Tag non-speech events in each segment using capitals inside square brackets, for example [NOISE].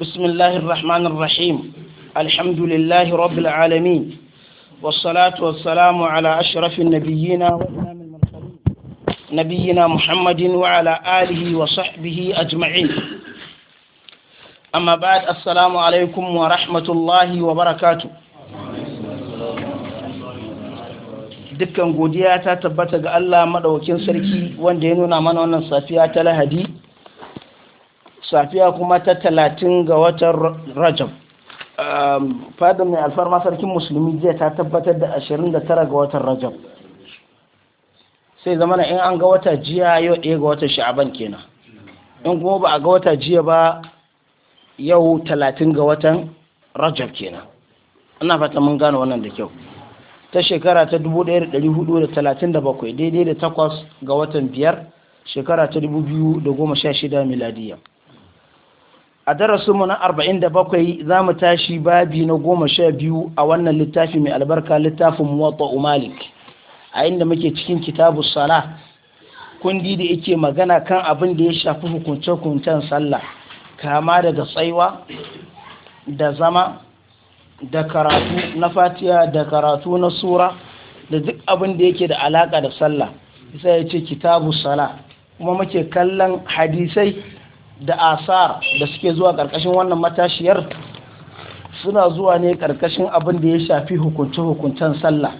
بسم الله الرحمن الرحيم الحمد لله رب العالمين والصلاة والسلام على أشرف النبيين وإمام المرسلين نبينا محمد وعلى آله وصحبه أجمعين أما بعد السلام عليكم ورحمة الله وبركاته dukkan godiya ta tabbata ga Allah madaukakin sarki wanda ya nuna mana wannan safiya ta Lahadi safiya kuma ta talatin ga watan rajab um, fadar mai alfarma sarkin musulmi jiya ta tabbatar da 29 ga watan rajab sai zama na in an ga wata jiya yau ɗaya ga watan sha'aban kenan in kuma ba a ga wata jiya ba yau 30 ga watan rajab kenan ana fata mun gane wannan da kyau ta shekara ta 1437 daidai da takwas ga watan biyar shekara ta 2016 miladiyya a darasin mu na arba'in da bakwai, za mu tashi babi na goma sha biyu a wannan littafi mai albarka littafin muwatta Umalik, a inda muke cikin kitabu sala kundi da yake magana kan abin da ya shafi hukunce-hukuncen sallah kama daga tsaiwa da zama da karatu na fatiya da karatu na sura da duk abin da yake da alaka da sallah sai ya ce kitabu sala kuma muke kallon hadisai da asar da suke zuwa ƙarƙashin wannan matashiyar suna zuwa ne ƙarƙashin abin da ya shafi hukunce-hukuncen sallah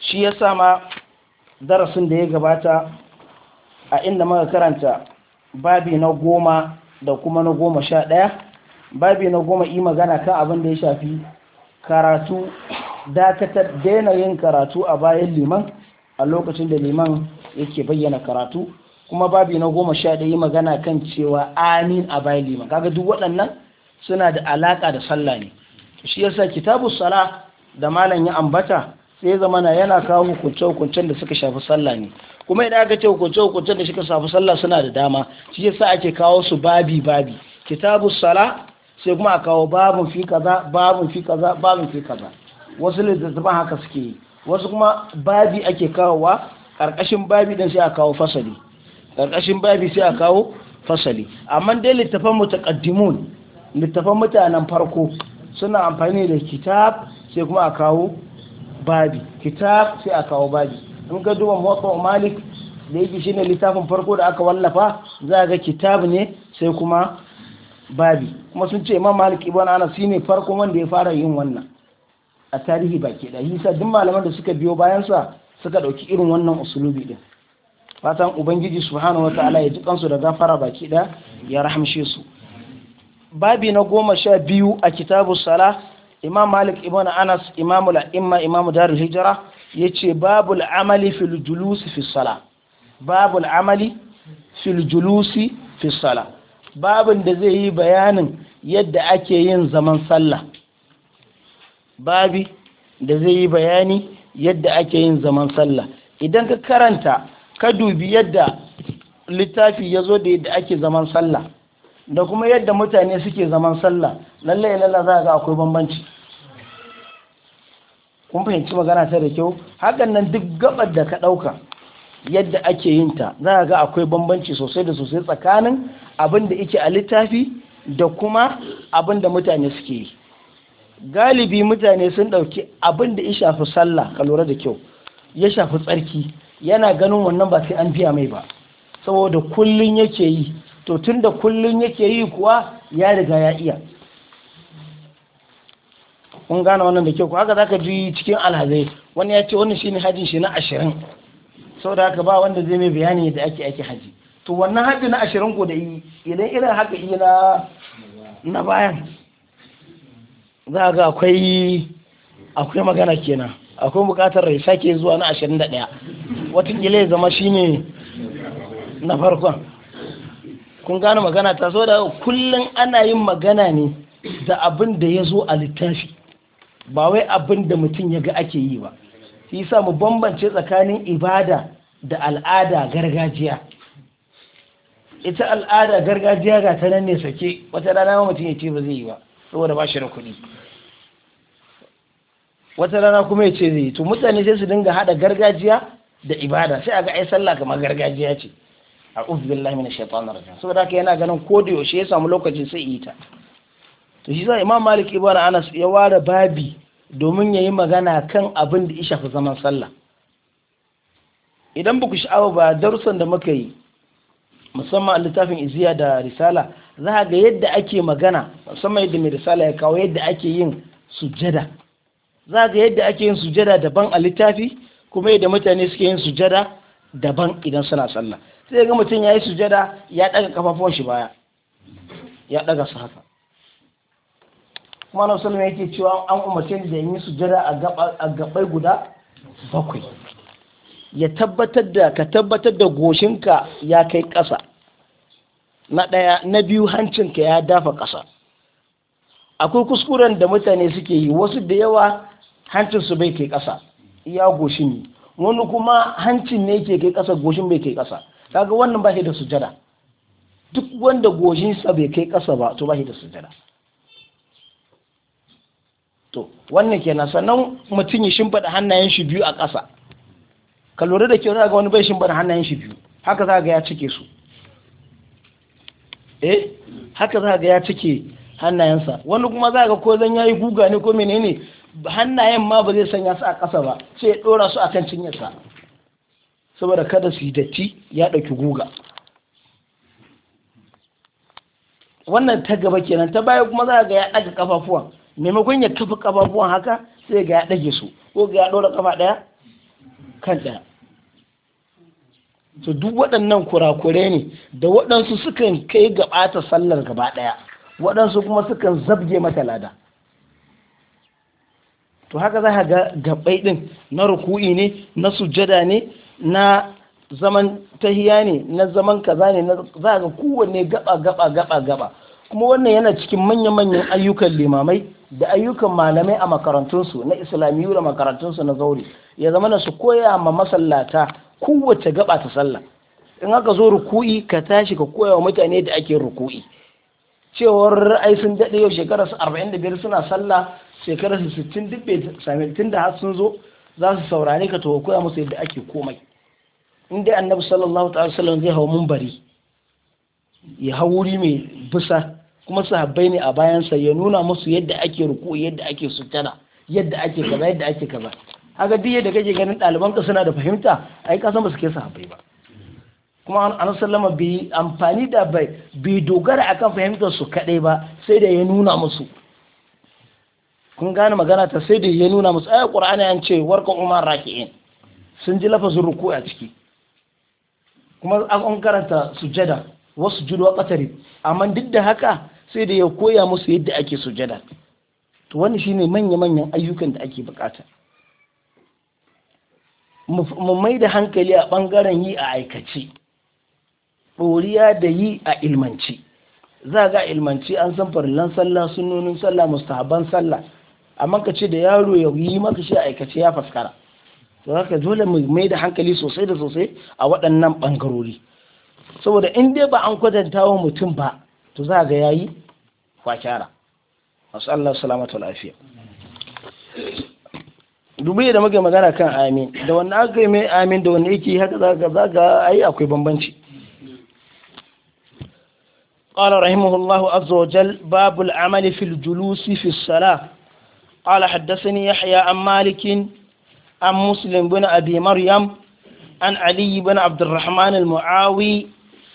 shi ya sama darasin da ya gabata a inda muka karanta babi na goma da kuma na goma sha ɗaya babi na goma yi magana kan abin da ya shafi karatu dakatar daina yin karatu a bayan liman a lokacin da liman yake bayyana karatu kuma babi na goma sha ɗaya magana kan cewa amin a bayan lima kaga duk waɗannan suna da alaƙa da sallah ne shi yasa kitabu sala da malam ya ambata sai zamana yana kawo hukunce-hukuncen da suka shafi sallah ne kuma idan aka ce hukunce-hukuncen da suka shafi sallah suna da dama shi yasa ake kawo su babi babi kitabu sala sai kuma a kawo babin fi kaza babin fi kaza babin fi kaza wasu littattafan haka suke yi wasu kuma babi ake kawowa ƙarƙashin babi din sai a kawo fasali ƙarƙashin babi sai a kawo fasali amma dai littafan mutaqaddimun littafan mutanen farko suna amfani da kitab sai kuma a kawo babi kitab sai a kawo babi in ga duba muwatta malik da yake shine littafin farko da aka wallafa za ga kitab ne sai kuma babi kuma sun ce imam malik ibn anas ne farko wanda ya fara yin wannan a tarihi baki da sa duk malaman da suka biyo bayan sa suka ɗauki irin wannan usulubi ɗin. fatan ubangiji subhanahu wa ta'ala ya ji kansu da gafara baki da ya rahamshe su babi na goma sha biyu a kitabu sala imam malik ibn anas imamu la'imma imam darul hijira ya ce babul amali fil julusi fi sala babul amali fil julusi fi sala babin da zai yi bayanin yadda ake yin zaman sallah babi da zai yi bayani yadda ake yin zaman sallah idan ka karanta ka dubi yadda littafi ya zo da yadda ake zaman sallah da kuma yadda mutane suke zaman sallah lallai lallai za a ga akwai bambanci kun fahimci magana ta da kyau hakan nan duk gabar da ka ɗauka yadda ake yin ta za ga akwai bambanci sosai da sosai tsakanin abin da yake a littafi da kuma abin da mutane suke yi galibi mutane sun ɗauki abin da ya shafi sallah ka lura da kyau ya shafi tsarki yana ganin wannan ba sai an biya mai ba saboda kullun yake yi to tun da kullun yake yi kuwa ya riga ya iya kun gane wannan da kyau haka ka ji cikin alhazai wani ya ce wannan shine hajjin shi na ashirin saboda haka ba wanda zai mai bayani da ake ake haji to wannan hajji na ashirin ko da yi idan irin haka yi na na bayan za ga akwai akwai magana kenan akwai bukatar ya sake zuwa na 21 watakila ya zama shine na farkon kun gane magana ta so da kullum ana yin magana ne da abin da ya zo a littafi ba wai abin da mutum ya ga ake yi ba shi sa mu bambance tsakanin ibada da al'ada gargajiya ita al'ada gargajiya ga ta nan ne sake wata rana mutum ya ce ba zai yi ba saboda ba shi da kuɗi wata rana kuma ya ce zai to mutane sai su dinga haɗa gargajiya da ibada sai a ga ai sallah kamar gargajiya ce a billahi minash na rajin saboda haka yana ganin ko da yaushe ya samu lokaci sai yi ta to shi sa imam malik ibana anas ya ware babi domin ya yi magana kan abin da isha fi zaman sallah idan buku sha'awa ba darussan da muka yi musamman a littafin iziya da risala za ga yadda ake magana musamman yadda mai risala ya kawo yadda ake yin sujjada za ga yadda ake yin sujada daban a littafi kuma yadda mutane suke yin sujada daban idan suna sallah sai ga mutum ya yi sujada ya daga kafafuwan shi baya ya daga su haka kuma na sallama yake cewa an umarce da yin sujada a gabai guda bakwai ya tabbatar da ka tabbatar da goshinka ya kai ƙasa na ɗaya na biyu hancinka ya dafa ƙasa akwai kuskuren da mutane suke yi wasu da yawa Hancin su bai kai ƙasa iya goshin ne wani kuma hancin ne ke kai ƙasa goshin bai kai ƙasa kaga wannan ba shi da sujada duk wanda goshinsa bai kai ƙasa ba to ba shi da sujada to wannan kenan sannan mutum ya shimfiɗa hannayen shi biyu a ƙasa ka lura da kyau ga wani bai shimfiɗa hannayen shi biyu haka za ga ya cike su eh haka za ga ya cike hannayensa wani kuma za ga ko zan yayi guga ne ko menene hannayen ma ba zai sanya su a ƙasa ba sai ya ɗora su a kan cinyarsa saboda kada su yi datti ya ɗauki guga wannan ta gaba kenan ta baya kuma za ga ya ɗaga ƙafafuwan, maimakon ya kafa ƙafafuwan haka sai ga ya ɗage su ko ga ya ɗora ƙafa ɗaya kan ɗaya to duk waɗannan kurakure ne da waɗansu sukan kai ɓata sallar gaba ɗaya waɗansu kuma sukan zabge mata lada to haka za ka ga gabai din na ruku'i ne na sujada ne na zaman tahiya ne na zaman kaza ne za ga kowanne gaba gaba gaba gaba kuma wannan yana cikin manya-manyan ayyukan limamai da ayyukan malamai a makarantunsu na islamiyu da makarantunsu na zauri ya zama na su koya ma masallata kowace gaba ta sallah in aka zo ruku'i ka tashi ka koya wa mutane da ake ruku'i cewar ai sun daɗe yau shekarar 45 suna sallah shekarar su sittin duk bai tun da har sun zo za su saurare ka to koya musu yadda ake komai in dai annabi sallallahu ta'ala sallam zai hau mumbari ya hau wuri mai bisa kuma su sahabbai ne a bayansa ya nuna musu yadda ake ruku yadda ake sutana yadda ake kaza yadda ake kaza haka duk yadda kake ganin ɗaliban ka suna da fahimta ai ka san ba su kai sahabbai ba kuma an sallama bai amfani da bai dogara akan fahimtar su kaɗai ba sai da ya nuna musu kun gane magana ta sai da ya nuna musu ayat qur'ani an ce "Warkar umar raki'in sun ji lafazin ruku a ciki kuma an karanta sujada wasu judo a ƙatari amma duk da haka sai da ya koya musu yadda ake sujada to wani shine manya-manyan ayyukan da ake bukata mu mai da hankali a ɓangaren yi a aikace ɗoriya da yi a ilmanci za ga ilmanci an san farillan sallah sunnonin sallah mustahaban sallah amma ka ce da yaro ya yi maka shi aikace ya faskara to haka dole mu mai da hankali sosai da sosai a waɗannan ɓangarori saboda in dai ba an kwatanta wa mutum ba to za ga yayi kwakyara masu Allah salamatu lafiya dubu da muke magana kan amin da wanda aka yi mai amin da wanda yake haka za ga za ga ai akwai bambanci قال رحمه الله عز وجل باب العمل في الجلوس في الصلاه قال حدثني يحيى عن مالك عن مسلم بن أبي مريم عن علي بن عبد الرحمن المعاوي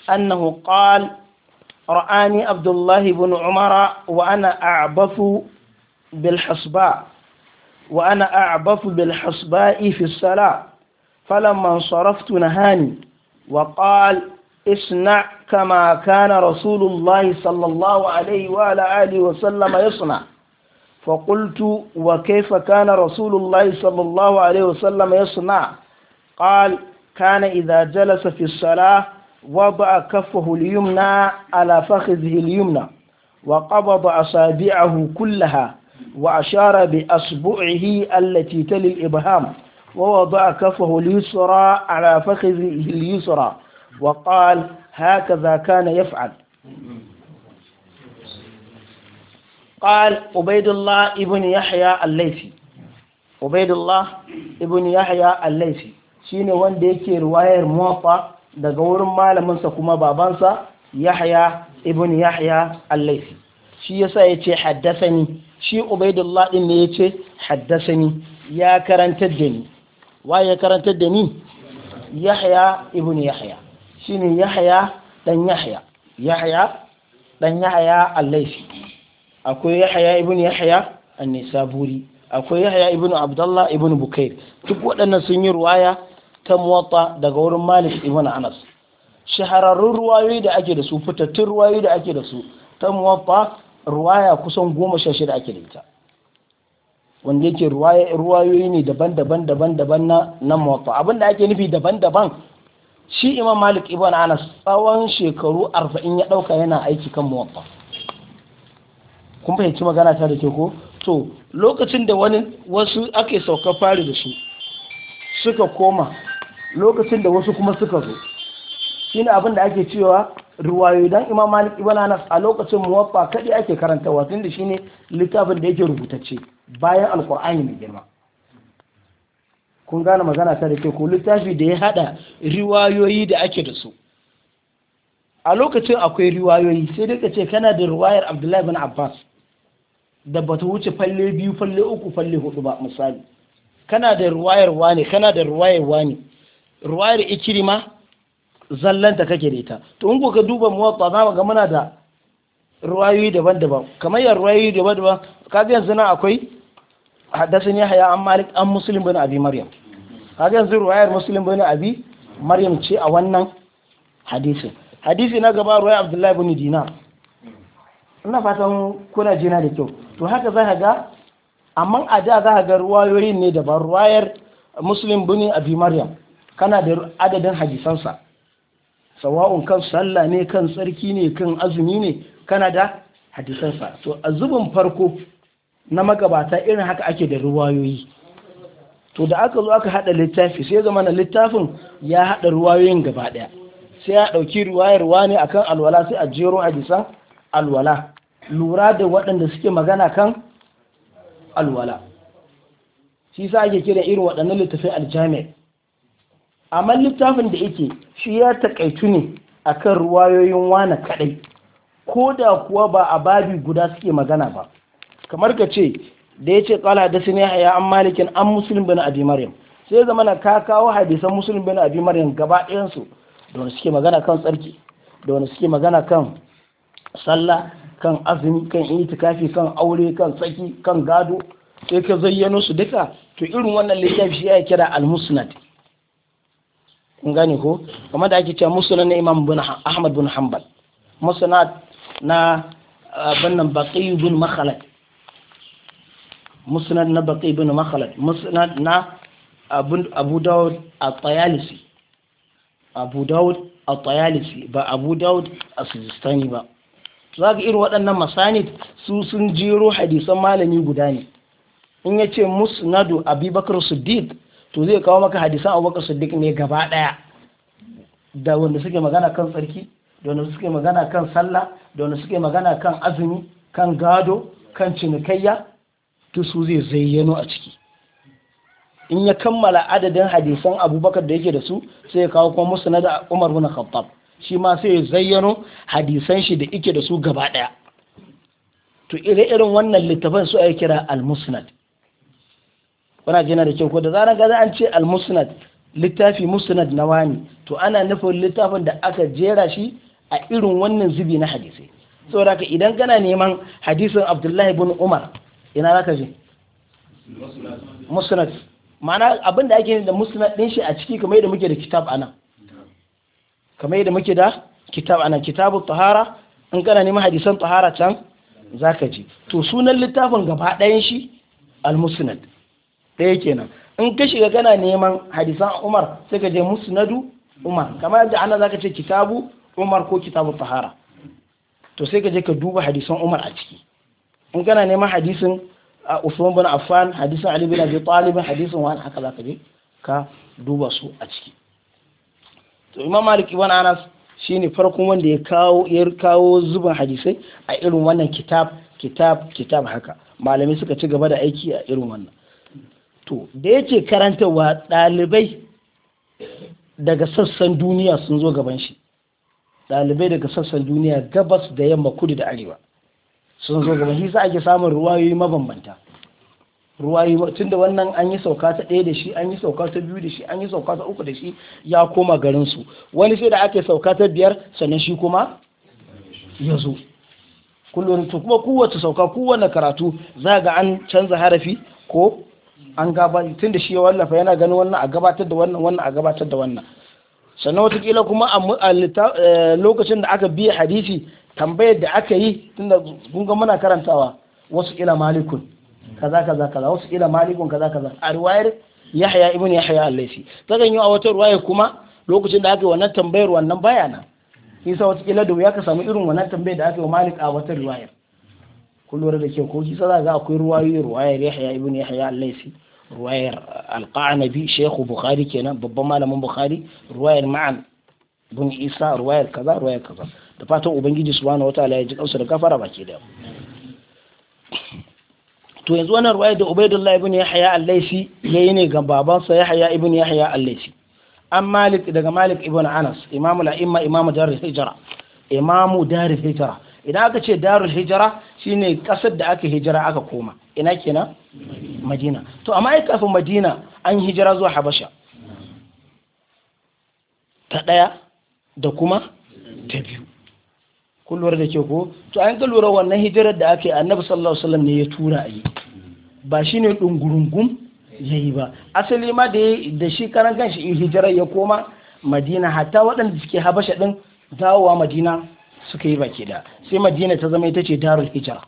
أنه قال رآني عبد الله بن عمر وأنا أعبث بالحصباء وأنا أعبث بالحصباء في الصلاة فلما انصرفت نهاني وقال اصنع كما كان رسول الله صلى الله عليه وعلى آله وسلم يصنع فقلت وكيف كان رسول الله صلى الله عليه وسلم يصنع قال كان إذا جلس في الصلاة وضع كفه اليمنى على فخذه اليمنى وقبض أصابعه كلها وأشار بأصبعه التي تلي الإبهام ووضع كفه اليسرى على فخذه اليسرى وقال هكذا كان يفعل قال عبيد الله ابن يحيى الليثي عبيد الله ابن يحيى الليثي shine wanda yake riwayar muwaffa daga wurin malaminsa kuma babansa Yahya ibn Yahya al-Laifi shi yasa yace haddasani shi Ubaidullah din ne yace haddasani ya karantar da ni wa ya karantar da ni Yahya ibn Yahya shine Yahya dan Yahya Yahya dan Yahya al-Laifi akwai yahya ibn yahya an-nisaburi akwai yahya ibn abdullah ibn bukair duk waɗannan sun yi ruwaya ta muwatta daga wurin malik ibn anas shahararrun ruwayoyi da ake da su fitattun ruwayoyi da ake da su ta muwatta ruwaya kusan goma sha shida ake da ita wanda yake ruwayoyi ne daban-daban daban-daban na na muwatta abin da ake nufi daban-daban shi imam malik ibn anas tsawon shekaru arba'in ya ɗauka yana aiki kan muwatta kun fahimci magana ta da ke ko to lokacin da wani wasu ake sauka fari da su suka koma lokacin da wasu kuma suka zo shine abin da ake cewa ruwayo dan imam malik ibn anas a lokacin muwaffa kadi ake karantawa tunda shine littafin da yake rubutacce bayan alqur'ani mai girma kun gane magana ta da ke ko littafi da ya hada riwayoyi da ake da su a lokacin akwai riwayoyi sai dai ka ce kana da riwayar abdullahi bin abbas da bata wuce falle biyu falle uku falle hudu ba misali kana da ruwayar wani kana da ruwayar wani ruwayar ikirima zallanta kake da ita to in ka duba muwatta za ga muna da ruwayoyi daban-daban kamar yan ruwayoyi daban-daban kaga yanzu na akwai ya yahya an malik an muslim bin abi maryam kaga yanzu ruwayar muslim bin abi maryam ce a wannan hadisin hadisi na gaba ruwayar abdullahi bin dinar ina fatan kuna jina da kyau to haka za ka ga amma a da za ka ga ruwayoyin ne da daban ruwayar muslim bin abi maryam kana da adadin hadisansa sawa'un kan sallah ne kan tsarki ne kan azumi ne kana da hadisansa to a zubin farko na magabata irin haka ake da ruwayoyi to da aka zo aka hada littafi sai zama na littafin ya hada ruwayoyin gaba daya sai ya dauki ruwayar wani akan alwala sai a jero hadisan alwala lura da waɗanda suke magana kan alwala shi sa ake kira irin waɗannan littafin aljami amma littafin da yake shi ya taƙaitu ne a kan ruwayoyin wana kaɗai ko da kuwa ba a babi guda suke magana ba kamar ka ce da ya ce kala da sini a an malikin an musulun bin abi maryam sai zama na ka kawo hadisan musulun bin abi maryam gaba ɗayansu da wani suke magana kan tsarki da wani suke magana kan sallah kan azumi kan itikafi kan aure kan tsaki kan gado sai ka zayyano su duka to irin wannan littafi shi ya kira al-musnad kun gane ko kamar da ake cewa musnad na imam bin ahmad bin hanbal musnad na bannan baqi bin makhalad musnad na baqi bin makhalad musnad na abu dawud at-tayalisi abu dawud at-tayalisi ba abu dawud as-sistani ba za ga irin waɗannan masanid su sun jero hadisan malami guda ne in ya ce musnadu abubakar siddiq to zai kawo maka hadisan abubakar siddiq ne gaba ɗaya da wanda suke magana kan tsarki da wanda suke magana kan sallah da wanda suke magana kan azumi kan gado kan cinikayya to su zai zayyano a ciki in ya kammala adadin hadisan abubakar da yake da su sai ya kawo kuma musnadu umar bin khattab shi ma sai ya zayyano hadisan shi da ike da su gaba ɗaya to ire irin wannan littafan su ake kira al-musnad kuna jina da kyau ko da zaran gaza an ce al-musnad littafi musnad na wani to ana nufin littafin da aka jera shi a irin wannan zubi na hadisai saboda ka idan kana neman hadisin abdullahi bin umar ina za ka je musnad ma'ana abinda ake da musnad din shi a ciki kamar yadda muke da kitab anan kamar yadda muke da kitab ana kitabu tahara in kana neman hadisan tahara can zaka ji to sunan littafin gaba ɗayan shi al-musnad ɗaya kenan in ka shiga kana neman hadisan Umar sai ka je musnadu Umar kamar yadda ana zaka ce kitabu Umar ko kitabu tahara to sai ka je ka duba hadisan Umar a ciki in kana neman hadisin Usman bin Affan hadisin Ali bin Abi Talib hadisin wani haka zaka je ka duba su a ciki to imam malik ibn anas shine farkon wanda ya kawo ya kawo zubin hadisai a irin wannan kitab kitab kitab haka malamai suka ci gaba da aiki a irin wannan to da yake karantarwa ɗalibai daga sassan duniya sun zo gaban shi ɗalibai daga sassan duniya gabas da yamma kudu da arewa sun zo gaban shi Sai ake samun ruwayoyi mabambanta ruwayi tun da wannan an yi sauka ta ɗaya da shi an yi sauka ta biyu da shi an yi sauka ta uku da shi ya koma garinsu wani sai da ake sauka ta biyar sannan shi kuma ya zo kullum to kuma kowace sauka kowane karatu za ga an canza harafi ko an gabatar tun da shi ya wallafa yana ganin wannan a gabatar da wannan wannan a gabatar da wannan sannan watakila kuma a eh, lokacin da aka biya hadisi tambayar da aka yi tun da muna karantawa wasu ila malikun kaza kaza kaza wasu ila malikun kaza kaza a riwayar yahya ibn yahya al-laifi kaga yi a wata riwaya kuma lokacin da aka yi wannan tambayar wannan bayana kisa wata kila da ya ka samu irin wannan tambayar da aka yi wa malik a wata riwayar kun da ke ko shi za ga akwai ruwayoyi ruwayar yahya ibn yahya al-laifi ruwayar al-qanabi shaykhu bukhari kenan babban malamin bukhari ruwayar ma'an bin isa ruwayar kaza ruwayar kaza da fatan ubangiji subhanahu wataala ya ji kansu da kafara baki daya to yanzu wannan ruwaya da Ubaidullah ibn Yahya al-Laisi yayi ne ga babansa Yahya ibn Yahya al-Laisi an Malik daga Malik ibn Anas imamu la'imma imamu darul hijra imamu darul hijra idan aka ce darul hijra shine kasar da aka hijira aka koma ina kenan Madina to amma ai kafin Madina an hijira zuwa Habasha ta daya da kuma ta biyu lura da ke ko to an ka lura wannan hijirar da aka yi annabi sallallahu alaihi wasallam ne ya tura a yi ba shine ɗungurungun ya yi ba asali ma da da shi karan kanshi in hijirar ya koma madina hatta waɗanda suke habasha ɗin dawowa madina suka yi baki da sai madina ta zama ita ce darul hijira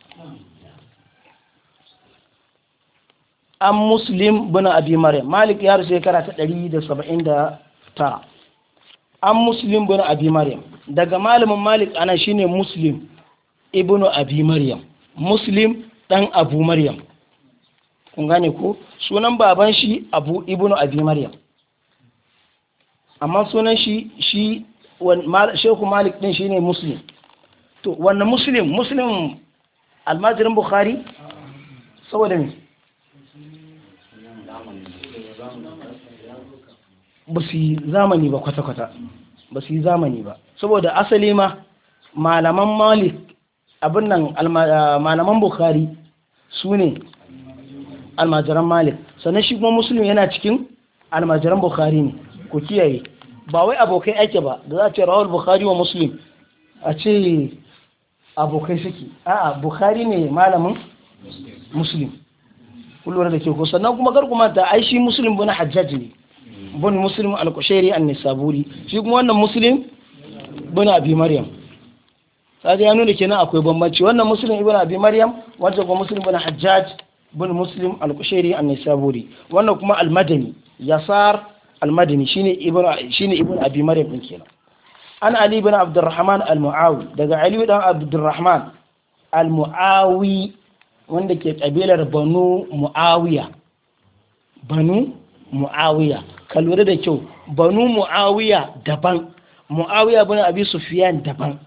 an muslim bin abi maryam malik ya rasu shekara ta 179 an muslim bin abi maryam daga malamin malik ana shine muslim ibnu abi maryam muslim dan abu maryam kun gane ko sunan baban shi abu ibnu abi maryam amma sunan shi shi shehu malik din shine muslim to wannan muslim muslim almajirin bukhari saboda ne. ba su yi zamani ba kwata-kwata ba su yi zamani ba saboda asali ma malaman malik abin nan malaman bukhari su ne almajiran malik sannan shi kuma musulmi yana cikin almajiran bukhari ne ku kiyaye ba wai abokai ake ba da za a ce rawar bukhari wa musulun a ce abokai suke a'a bukhari ne malamin musulun kullum da ke kusa sannan kuma kar kuma ai shi bu na hajjaj ne bin muslim al-kushairi an-nisaburi shi kuma wannan muslim bin abi maryam sai ya nuna kenan akwai bambanci wannan muslim ibn abi maryam wancan kuma muslim bin hajjaj bin muslim al-kushairi an-nisaburi wannan kuma al-madani yasar al-madani shine ibn shine ibn abi maryam din kenan an ali bin abdurrahman al-muawi daga ali dan abdurrahman al-muawi wanda ke kabilar banu muawiya banu muawiya ka lura da kyau banu mu'awiya daban mu'awiya bin abi sufyan daban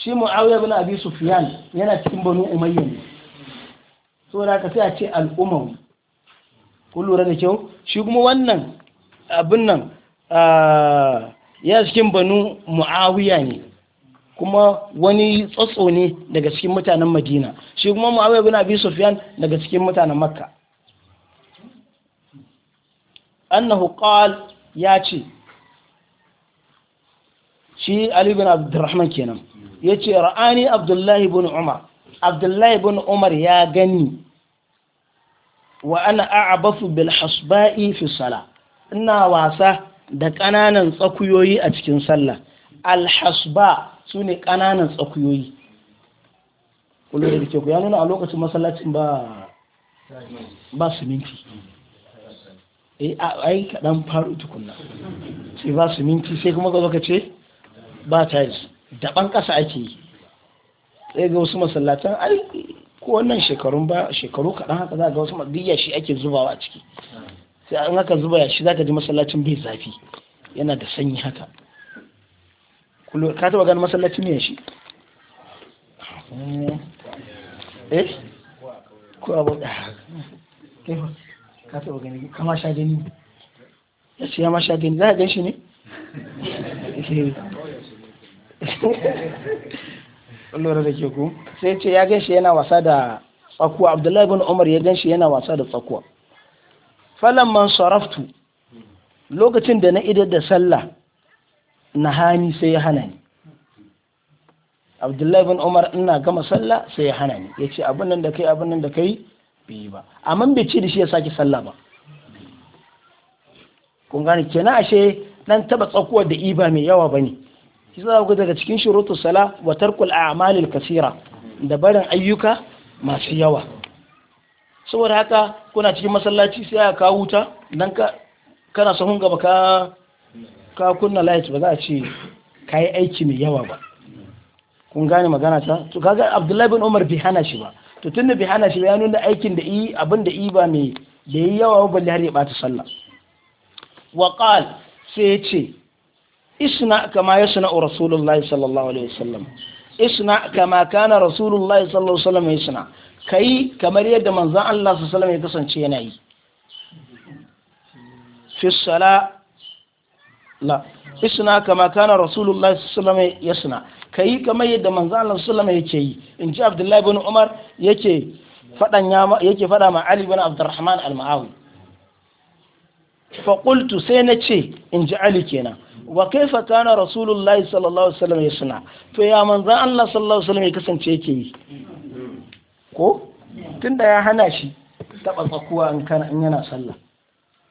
shi mu'awiya bin abi sufyan yana cikin banu umayya ne da ka sai a ce al'umawi ku lura da kyau shi kuma wannan abin nan ya cikin banu mu'awiya ne kuma wani tsotso ne daga cikin mutanen madina shi kuma mu'awiya bin abi sufyan daga cikin mutanen makka annahu qal ya ce shi Ali bin Abdurrahman kenan yace ra'ani Abdullahi bin Umar Abdullahi bin Umar ya gani wa ana a'abafu bil hasba'i fi sala ina wasa da ƙananan tsakuyoyi a cikin sallah al hasba sune ƙananan tsakuyoyi kullu da ke ku ya nuna a lokacin masallacin ba ba siminti Eh, ai kaɗan faru tukunna sai ba su minti sai kuma ka zo ka ce ba yi daban ƙasa ake yi sai ga wasu masallatan ai ko wannan shekarun ba shekaru kaɗan haka za ga wasu duk shi ake zubawa a ciki sai an haka zuba ya shi za ka ji masallacin bai zafi yana da sanyi haka ka taba gani masallacin shi eh ko abu da [LAUGHS] ka taɓa gani ma sha gani ya ce ya ma sha gani za a gan shi ne eh. [LAUGHS] lura da ke ku sai ce ya gan shi yana wasa da tsakuwa abdullahi bin umar ya gan shi yana wasa da tsakuwa falan man saraftu lokacin da na idar da sallah na hani sai ya hana ni abdullahi bin umar ina gama sallah sai ya hana ni ya ce abin nan da kai abin nan da kai yi ba amma bai ce da shi ya sake sallah ba kun gane kenan ashe dan taba tsakuwar da iba mai yawa bane shi za ku daga cikin shurutu sala wa tarkul a'malil kasira da barin ayyuka masu yawa saboda haka kuna cikin masallaci sai aka kawo wuta dan ka kana sahun gaba ka ka kunna light ba za a ce kai aiki mai yawa ba kun gane magana ta to kaga Abdullahi bin Umar bai hana shi ba to tun da bai hana shi ya nuna aikin da yi abin da yi ba mai da yi yawa ba balle har ya bata sallah wa qal sai ya ce isna kama ya yasna rasulullahi sallallahu alaihi wasallam isna kama kana rasulullahi sallallahu alaihi wasallam yasna kai kamar yadda manzon Allah sallallahu alaihi wasallam ya kasance yana yi fi sala la isna kama kana rasulullahi sallallahu alaihi wasallam yasna ka yi kamar yadda manzo Allah sallama yake yi in ji Abdullahi bin Umar yake fadan yake fada ma Ali bin Abdurrahman al-Ma'awi fa qultu sai na ce in ji Ali kenan wa kaifa kana rasulullahi sallallahu alaihi wasallam yasna to ya manzo Allah sallallahu alaihi wasallam ya kasance yake yi ko tunda ya hana shi taba tsakuwa in kana in yana sallah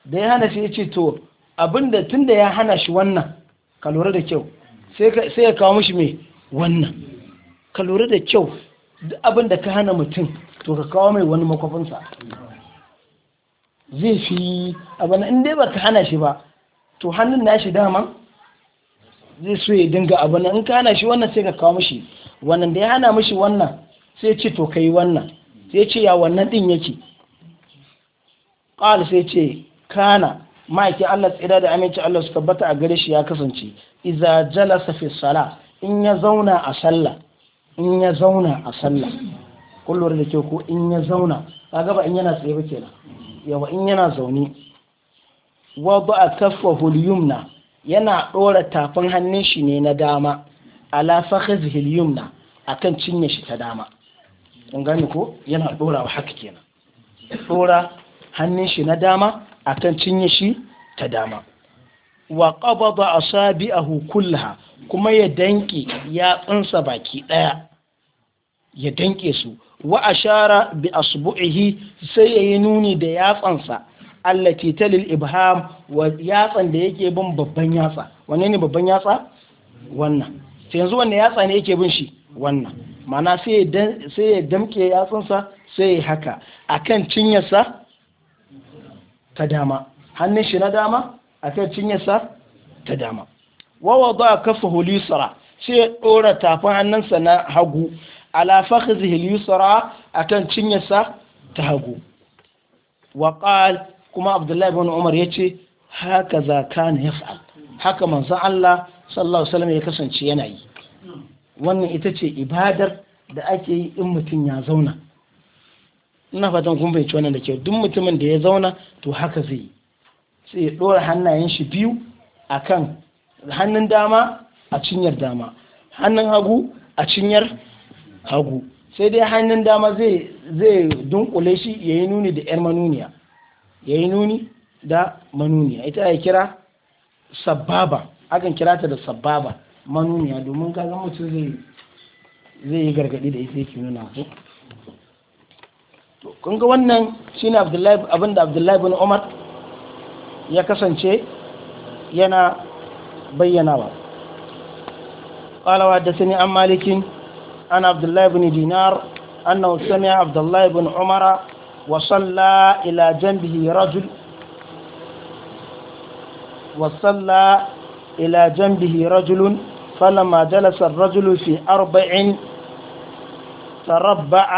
da ya hana shi yace to abinda tunda ya hana shi wannan ka lura da kyau sai ya kawo mishi mai wannan ka lura da kyau duk abin da ka hana mutum to ka kawo mai wani makwafinsa zai fi abin in dai ba ka hana shi ba to hannun na shi dama zai so ya dinga abin in ka hana shi wannan sai ka kawo mishi wannan da ya hana mishi wannan sai ce to kai wannan sai ce ya wannan din yake ƙwal sai ce kana ma'aikin Allah tsira da aminci Allah su tabbata a gare shi ya kasance iza jalasa fi sala in ya zauna a sallah in ya zauna a sallah kullum da ke ko in ya zauna kaga gaba in yana tsaye ba na yawa in yana zaune ba a kafa hulyumna yana ɗora tafin hannun shi ne na dama ala fakhaz hilyumna akan cinye shi ta dama kun gane ko yana ɗora wa haka kenan ɗora hannun shi na dama akan cinye shi ta dama wa qabada asabi'ahu kullaha kuma ya danke yatsunsa baki ɗaya ya danke su wa ashara bi asbu'ihi sai yayi nuni da yatsansa allati talil ibham wa yatsan da yake bin babban yatsa wanne ne babban yatsa wannan sai yanzu wanne yatsa ne yake bin shi wannan mana sai ya damke yatsunsa sai ya haka akan cinyarsa ta dama hannun shi na dama akan cinyarsa ta dama wa wada kafahu sai ya ɗora tafin hannunsa na hagu ala fakhzihi a akan cinyarsa ta hagu waƙal kuma abdullahi ibn umar ya ce haka za ka ya fa’al haka manzan Allah sallallahu alaihi ya kasance yana yi wannan ita ce ibadar da ake yi in mutum ya zauna ina fatan kun fahimci wannan da kyau duk mutumin da ya zauna to haka zai yi sai ya ɗora hannayen shi biyu a kan. hannun dama a cinyar dama hannun hagu a cinyar hagu sai dai hannun dama zai zai dunkule shi ya yi nuni da 'yar manuniya ya yi nuni da manuniya ita ya kira sababa akan kira ta da sababa manuniya domin kaga mutum zai zai yi gargadi da ita yake nuna ku kun ga wannan shine abdullahi abinda abdullahi bin umar ya kasance yana bayyanawa qala haddathani an malikin an Abdullahi ibn dinar annahu sami'a Abdullahi ibn umara wa salla ila janbihi rajul wa salla ila janbihi rajulun فلما جلس الرجل في أربع تربع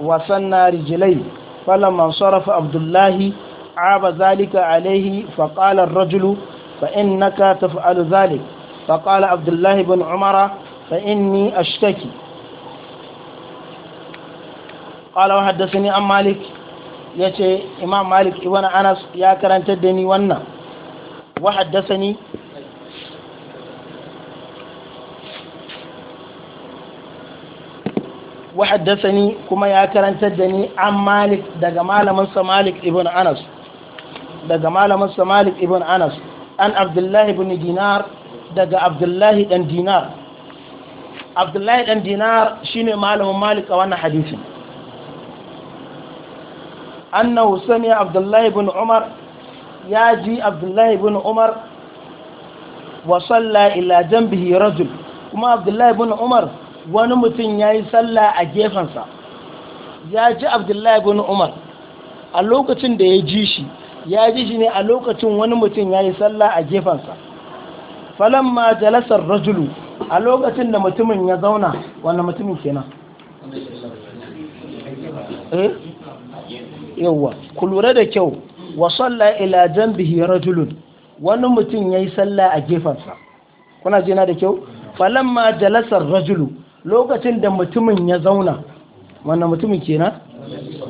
وسنى رجليه فلما انصرف Abdullahi الله عاب ذلك عليه rajulun. فإنك تفعل ذلك فقال عبد الله بن عمر فإني أشتكي قال وحدثني عن مالك يتي إمام مالك ابن أنس يا كرنت الدني ونا وحدثني وحدثني كما يا كرنت الدني عن مالك دقى مالك مالك ابن أنس دقى مالك مالك ابن أنس an abdullahi bin dinar daga abdullahi dan dinar abdullahi dan dinar shine malamin malik a wannan hadisi annahu sami abdullahi bin umar ya ji abdullahi bin umar wa salla ila janbihi rajul kuma abdullahi bin umar wani mutum ya yi salla a gefensa ya ji abdullahi bin umar a lokacin da ya ji shi ya ji shi ne a lokacin wani mutum ya yi sallah a gefensa ma jalasar rajulu a lokacin da mutumin ya zauna wannan mutumin kenan eh yawwa ku lura da kyau wa salla ila bihi rajulun wani mutum ya yi sallah a gefansa kuna jina na da kyau Falon ma jalasar rajulu lokacin da mutumin ya zauna wannan mutumin ke nan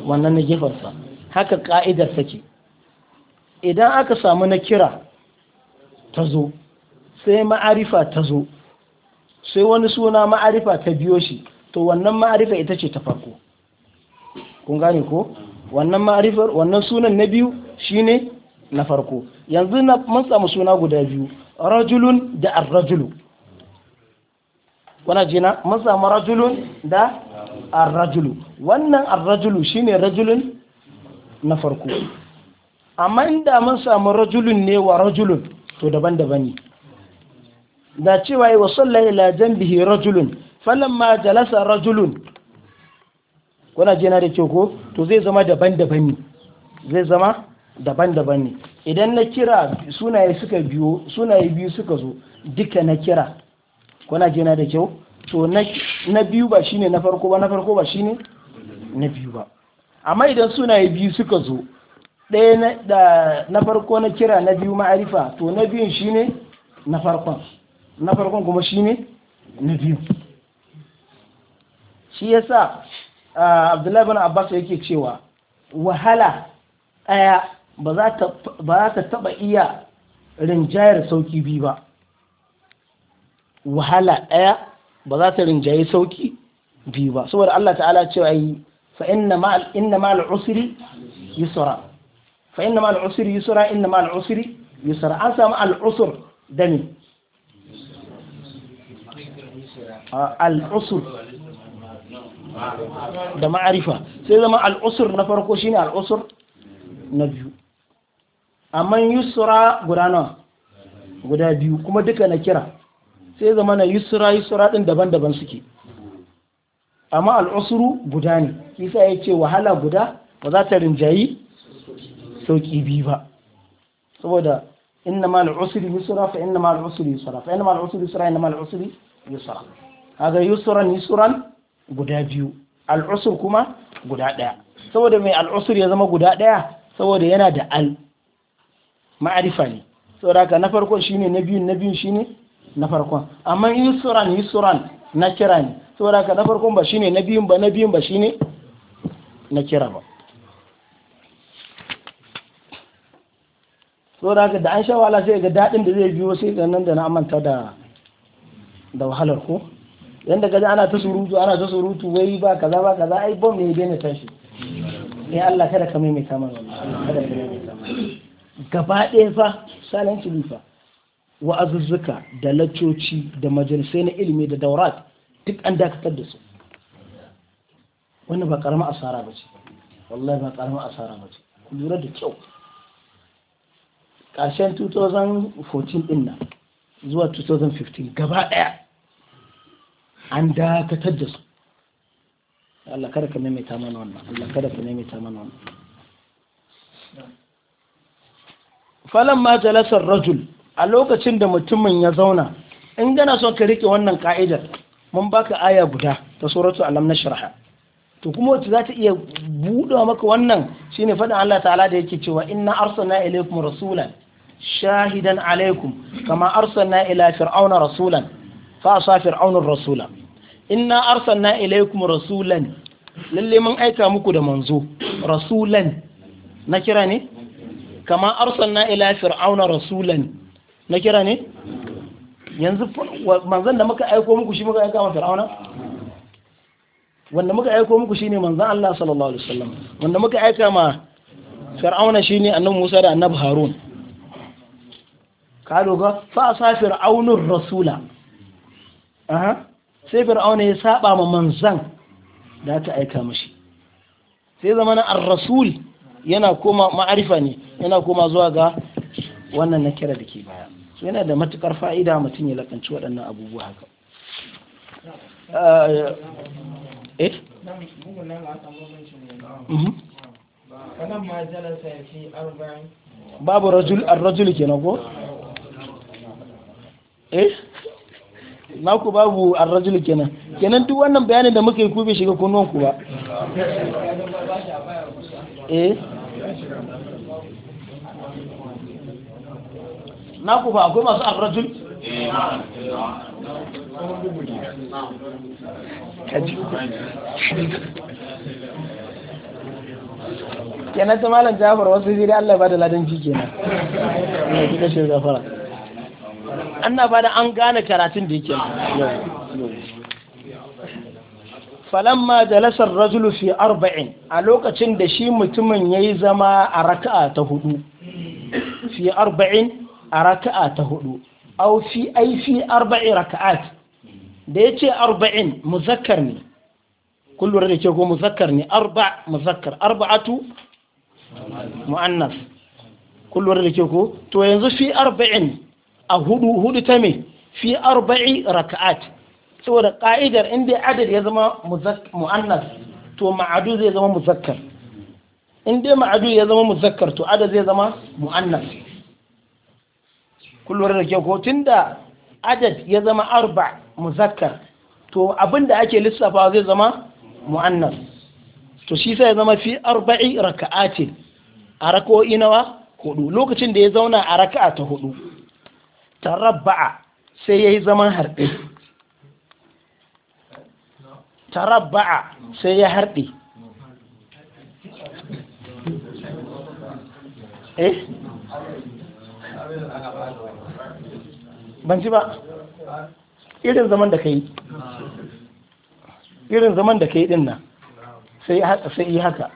wannan na gefansa haka ka'idar take idan aka samu na kira ta zo sai ma'arifa ta zo sai wani suna ma'arifa ta biyo shi to wannan ma'arifa ita ce ta farko kun gane ko wannan ma'arifar wannan sunan na biyu shine na farko yanzu na matsa mu suna guda biyu rajulun da arrajulu wana jina matsa mu rajulun da arrajulu wannan arrajulu shine rajulun na farko amma inda mun samu rajulun ne wa rajulun to daban-daban ne da cewa yi wa sallai ila bihi rajulun Falon ma jalasa rajulun kuna jina da ke ko to zai zama daban-daban ne zai zama daban-daban ne idan na kira sunaye suka biyo sunaye biyu suka zo duka na kira kuna jina da kyau to na biyu ba shine na farko ba na farko ba shine na biyu ba amma idan sunaye biyu suka zo ɗaya da na farko na kira na biyu ma'arifa to na biyun shine na farkon na farkon kuma shine na biyu shi yasa abdullahi bin abbas yake cewa wahala ɗaya ba za ta taɓa iya rinjayar sauki biyu ba wahala ɗaya ba za ta rinjaye sauki biyu ba saboda Allah ta'ala cewa yi fa inna ma'al usri yusra fa inna ma'al usri yusra inna ma'al usri yusra an samu al usr dami al da ma'arifa sai zama al'usur na farko shine al usr na biyu amma yusra guda nawa guda biyu kuma duka na kira sai zama na yusra yusra din daban-daban suke amma al'usuru guda ne kisa ya ce wahala guda ba za ta rinjayi sauki biyu ba saboda inna ma al'usri yusra fa inna ma al'usri yusra fa inna ma al'usri yusra inna ma al'usri yusra hada yusran yusran guda biyu al'usur kuma guda daya saboda mai al'usur ya zama guda daya saboda yana da al ma'arifa ne saboda ka na farkon shine na biyun na biyun shine na farkon amma yusran yusran na kira ne saboda ka na farkon ba shine na biyun ba na biyun ba shine na kira ba So da haka da an sha wahala sai ga daɗin da zai biyo sai ga nan da na manta da da wahalar ko yanda kaji ana ta surutu ana ta surutu wai ba kaza ba kaza ai bom ne ya daina tashi ya Allah kada ka maimaita mana kada ka maimaita mana gaba ɗaya fa salanci bi fa wa'azuzzuka da lacoci da majalisai na ilimi da daurat duk an dakatar da su wannan ba karama asara ba ce wallahi ba karama asara ba ce ku lura da kyau ƙarshen 2014 din nan zuwa 2015 gaba ɗaya an dakatar da su Allah kada ka maimaita mana wannan Allah kada ka maimaita mana wannan Falon ma rajul a lokacin da mutumin ya zauna in gana son ka rike wannan ka'idar mun baka aya guda ta suratu alam na sharha to kuma wacce za ta iya buɗe maka wannan shine faɗin Allah ta'ala da yake cewa inna arsalna ilaykum rasulan shahidan alaikum kama arsalna ila fir'auna rasulan fa asa rasula inna arsalna ilaikum rasulan lalle mun aika muku da manzo rasulan na kira ne kama arsalna fir'auna rasulan na kira ne yanzu manzon da muka shi muka aika fir'auna wanda muka aiko muku shine manzon Allah sallallahu alaihi wasallam wanda muka aika ma fir'auna shine annabi Musa da annabi Harun ka doga fa sa fir'aunur rasula aha sai fir'auna ya saba ma manzan da ta aika mishi sai zama na ar-rasul yana koma ma'arifa ne yana koma zuwa ga wannan na kira da ke baya so yana da matukar fa'ida mutum ya lakanci waɗannan abubuwa haka eh, eh? Mm-hmm. babu rajul ar-rajul kenan ko eh ku babu arrajul kenan kenan duk wannan bayanin da muka yi ku bai shiga kunuwan ku ba eh ku ba akwai masu arrajul kenan ta malam jafar wasu zira Allah ba da ladan ji kenan ne kika shi zafara ana ba da an gane karatun da yake falamma jalasar rajulu fi arba'in a lokacin da shi mutumin ya yi zama a raka'a ta hudu fi arba'in a raka'a ta hudu au fi aifi fi arba'i raka'at da ya ce arba'in muzakkar ne kullum da ke ko muzakkar ne arba muzakkar arba'atu mu'annas kullum da ke ko to yanzu fi arba'in a hudu hudu ta me fi arba'i raka'at saboda ka'idar inda adad ya zama mu'annas to ma'adu zai zama muzakkar inda ma'adu ya zama muzakkar to adad zai zama mu'annas kullum da kyau kotun da adad ya zama arba muzakkar to abinda ake lissafa zai zama mu'annas to shi sai ya zama fi arba'i raka'atin a rako'i nawa hudu lokacin da ya zauna a raka'a ta hudu tarabba'a sai ya yi zaman harɗe tarabba'a sai ya harɗe eh ban ba irin zaman da ka yi irin zaman da ka yi ɗin nan sai yi haka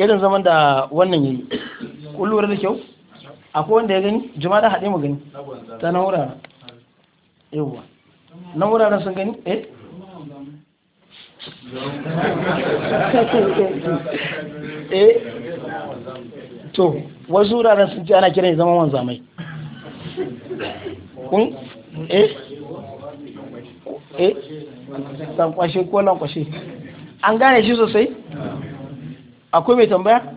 irin zaman da wannan ya yi ƙulluwar da kyau akwai wanda ya gani jama'a haɗe mu gani ta na wuraren yawwa na wuraren sun gani eh? [LAUGHS] eh to wasu wuraren sun ce ana kiran ya zama wanzamai kun eh eh lankwashe ko lankwashe an gane shi sosai akwai mai tambaya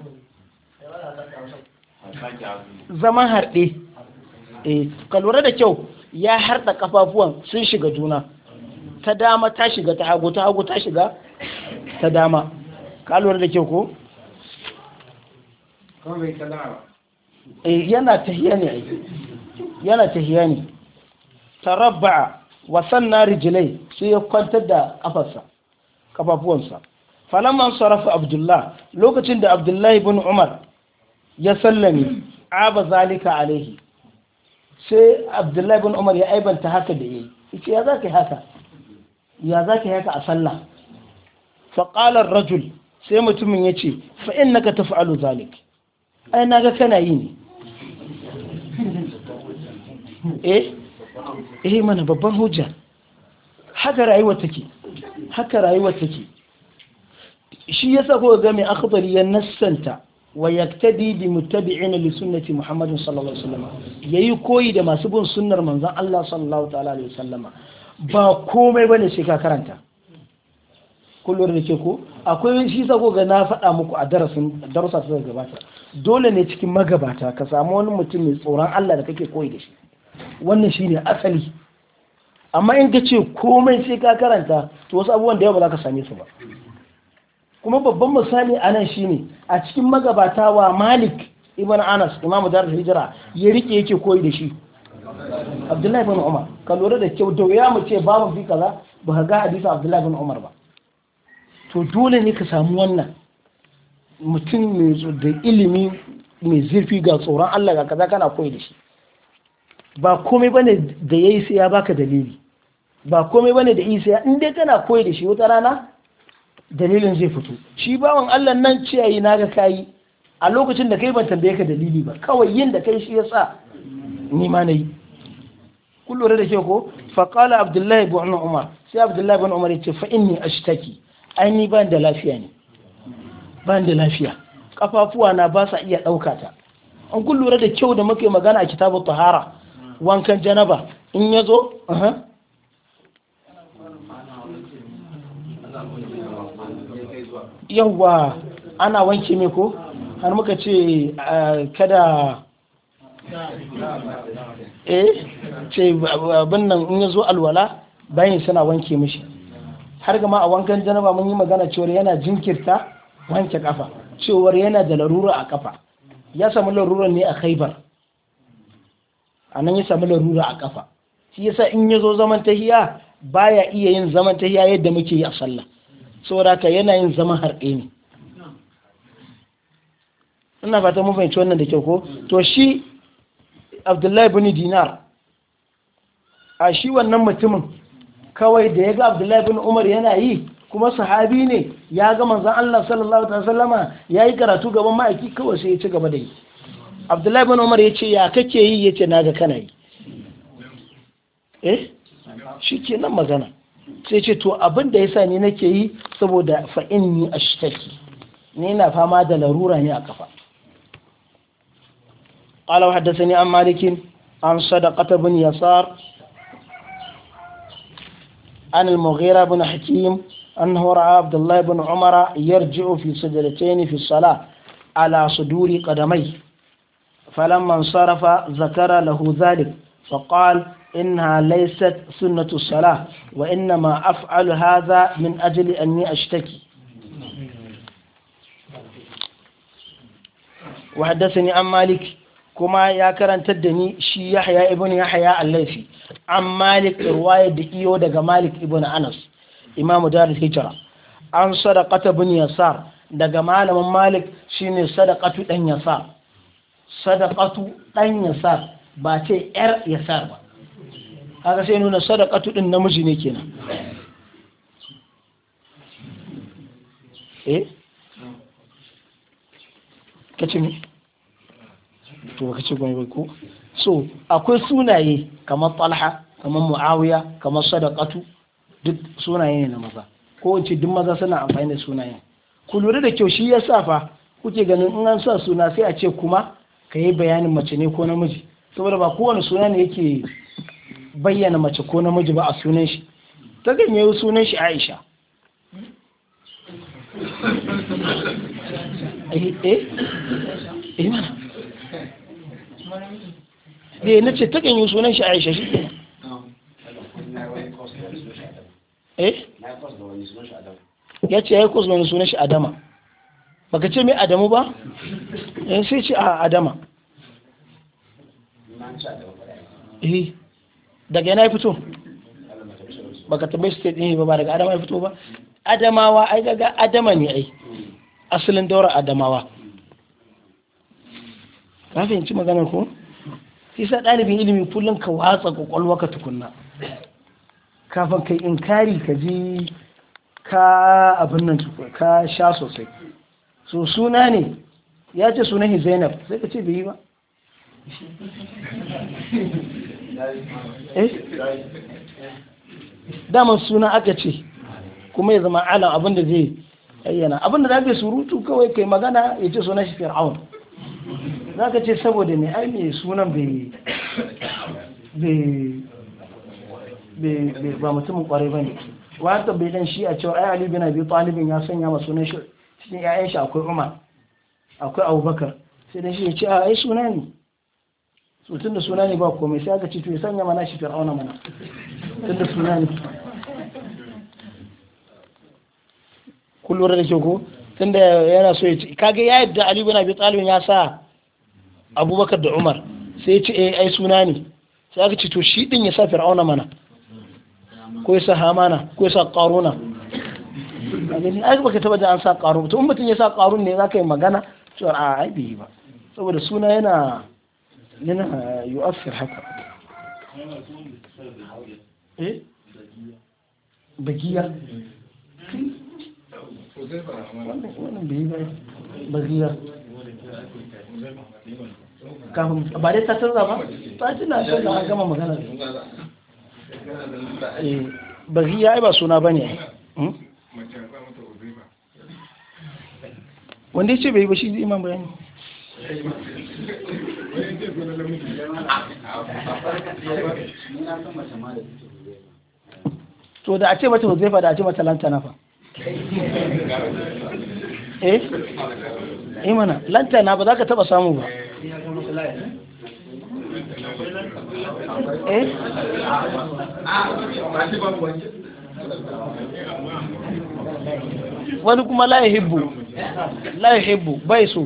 Zaman harɗe eh ka lura da kyau ya harɗa kafafuwan sun shiga juna ta dama ta shiga ta hagu ta hagu ta shiga ta dama ka lura da kyau ko eh, yana ta ne yana tahiya ne tarabba wasan na rijilai sai ya kwantar da kafarsa kafafuwansa falamman sarrafa abdullah lokacin da abdullahi bin umar ya sallame aba zalika alaihi sai abdullahi bin umar ya aibanta haka da yi yace ya zaka haka ya zaka haka a sallah fa qala rajul sai mutumin ya yace fa innaka taf'alu zalik ai naga kana yi ne [LAUGHS] eh eh mana babban hujja haka rayuwar take haka rayuwar take shi yasa ko ga mai akhdari ya nassanta wa yaktadi bi muttabi'ina li sunnati Muhammadin sallallahu alaihi wasallam yayi koyi da masu bin sunnar manzon Allah sallallahu ta'ala alaihi wasallam ba komai bane sai ka karanta kullum da ke ko akwai shi sako ga na faɗa muku a darasin darussa ta gabata dole ne cikin magabata ka samu wani mutum mai tsoron Allah da kake koyi da shi wannan shine asali amma in ka ce komai sai ka karanta to wasu abubuwan da yawa ba za ka same su ba kuma babban misali a nan shi ne a cikin magabata wa malik ibn anas imamu dar hijira ya rike yake koyi da shi abdullahi ibn umar ka lura da kyau da ya mu ce mu fi kaza ba ka ga hadisi abdullahi ibn umar ba to dole ne ka samu wannan mutum mai da ilimi mai zurfi ga tsoron Allah ga kaza kana koyi da shi ba komai bane da yayi sai ya baka dalili ba komai bane da isa in dai kana koyi da shi wata rana dalilin zai fito shi bawan Allah nan ciyayi yayi na ga kayi a lokacin da kai ban tambaye ka dalili ba kawai yin da kai shi ya sa ni ma nayi kun lura da ke ko faƙala abdullahi ibn umar sai abdullahi ibn umar ce fa inni ashtaki ai ni ban da lafiya ne ban da lafiya kafafuwa na ba sa iya ɗauka ta an kun lura da kyau da muke magana a kitabu tahara wankan janaba in ya zo yawwa ana wanke mai ko har muka ce kada eh ce abin nan in ya zo alwala bayan suna wanke mishi har gama a wankan janaba mun yi magana cewar yana jinkirta wanke kafa cewar yana da larura a kafa ya samu larura ne a khaibar a nan ya samu larura a kafa shi yasa in ya zo zaman tahiya baya iya yin zaman tahiya yadda muke yi a sallah saboda ka yana yin zama harɗe ne ina fata mun fahimci wannan da kyau ko to shi abdullahi bin dinar a shi wannan mutumin kawai da ya ga abdullahi bin umar yana yi kuma sahabi ne ya ga manzan Allah sallallahu alaihi wasallama ya yi karatu gaban ma'aiki kawai sai ya ci gaba da yi abdullahi bin umar ya ce ya kake yi ya ce na ga kana yi eh shi ke nan magana sai ce to abin da yasa ni nake yi saboda fa inni ashtaki ni ina fama da larura ne a kafa qala haddathani an malikin an sadaqata bin yasar عن المغيرة بن حكيم أنه رأى عبد الله بن عمر يرجع في سجدتين في الصلاة على صدور قدميه فلما انصرف ذكر له ذلك فقال إنها ليست سنة الصلاة وإنما أفعل هذا من أجل أني أشتكي وحدثني عن مالك كما يا كرن تدني شي يحيى ابن يحيى الليثي عن مالك رواية دقيقة دقى مالك ابن أنس إمام دار الهجرة عن صدقة بن يسار دقى مالك مالك شيني صدقة أن يسار صدقة أن يسار ba ce 'yar yasar ba haka sai nuna sadakatu din namiji ne kenan eh kace to kace ko so akwai sunaye kamar talha kamar muawiya kamar sadakatu duk sunaye ne na maza ko wace duk maza suna amfani da sunaye ku lura da kyau shi ya sa fa kuke ganin in an sa suna sai a ce kuma ka yi bayanin mace ne ko namiji saboda ba kowane suna ne yake bayyana mace ko namiji ba a sunan shi ta ganye sunan shi aisha eh eh da eh eh, na ce ta ganye sunan shi aisha shi ke eh ya ce ya yi kusa wani sunan shi adama baka ce mai adamu ba eh, sai ce a adama eh daga yana ya fito baka tambayi su ɗin ba ba daga adama ya fito ba adamawa ai gaga adama ne ai asalin daura adamawa ka fahimci maganar ko shi sa ɗalibin ilimi kullum ka watsa kwakwalwa ka tukunna kafin kai inkari ka ji ka abin nan ka sha sosai so suna ne ya ce sunan zainab sai ka ce bai yi ba Eh? daman suna aka ce kuma ya zama alam abinda zai ayyana abinda za ka surutu kawai kai magana ya ce suna shi fir'aun za ka ce saboda mai ai sunan bai ba mutumin kwarai ba ne wata bai dan shi a cewa ai ali na biyu talibin ya sanya ma sunan shi cikin 'ya'yan shi akwai umar akwai abubakar sai dan shi ya ce ai suna ne tun da suna ne ba komai sai aka ce to ya sanya mana shi fir'auna mana tun da suna ne kullum da ke ko tun da yana so ya ce kage ya yadda ali bin abi talib ya sa abubakar da umar sai ya ce eh ai suna ne sai aka ce to shi din ya sa fir'auna mana ko ya sa hamana ko ya sa qaruna gani ai baka taba da an sa qarun to in mutum ya sa qarun ne zaka yi magana to a ah, ai bi ba saboda suna yana منها يؤثر حتى ايه بقية بقية kafin ba dai ta canza ba ta tuna canza a gama magana bagiya ai ba suna ba ne wanda ce bai ba shi imam bayani to da a ce mace huzaifa da a ce mace lantana fa eh imana eh lantana ba za ka taba samu ba eh wani kuma la yuhibbu bai so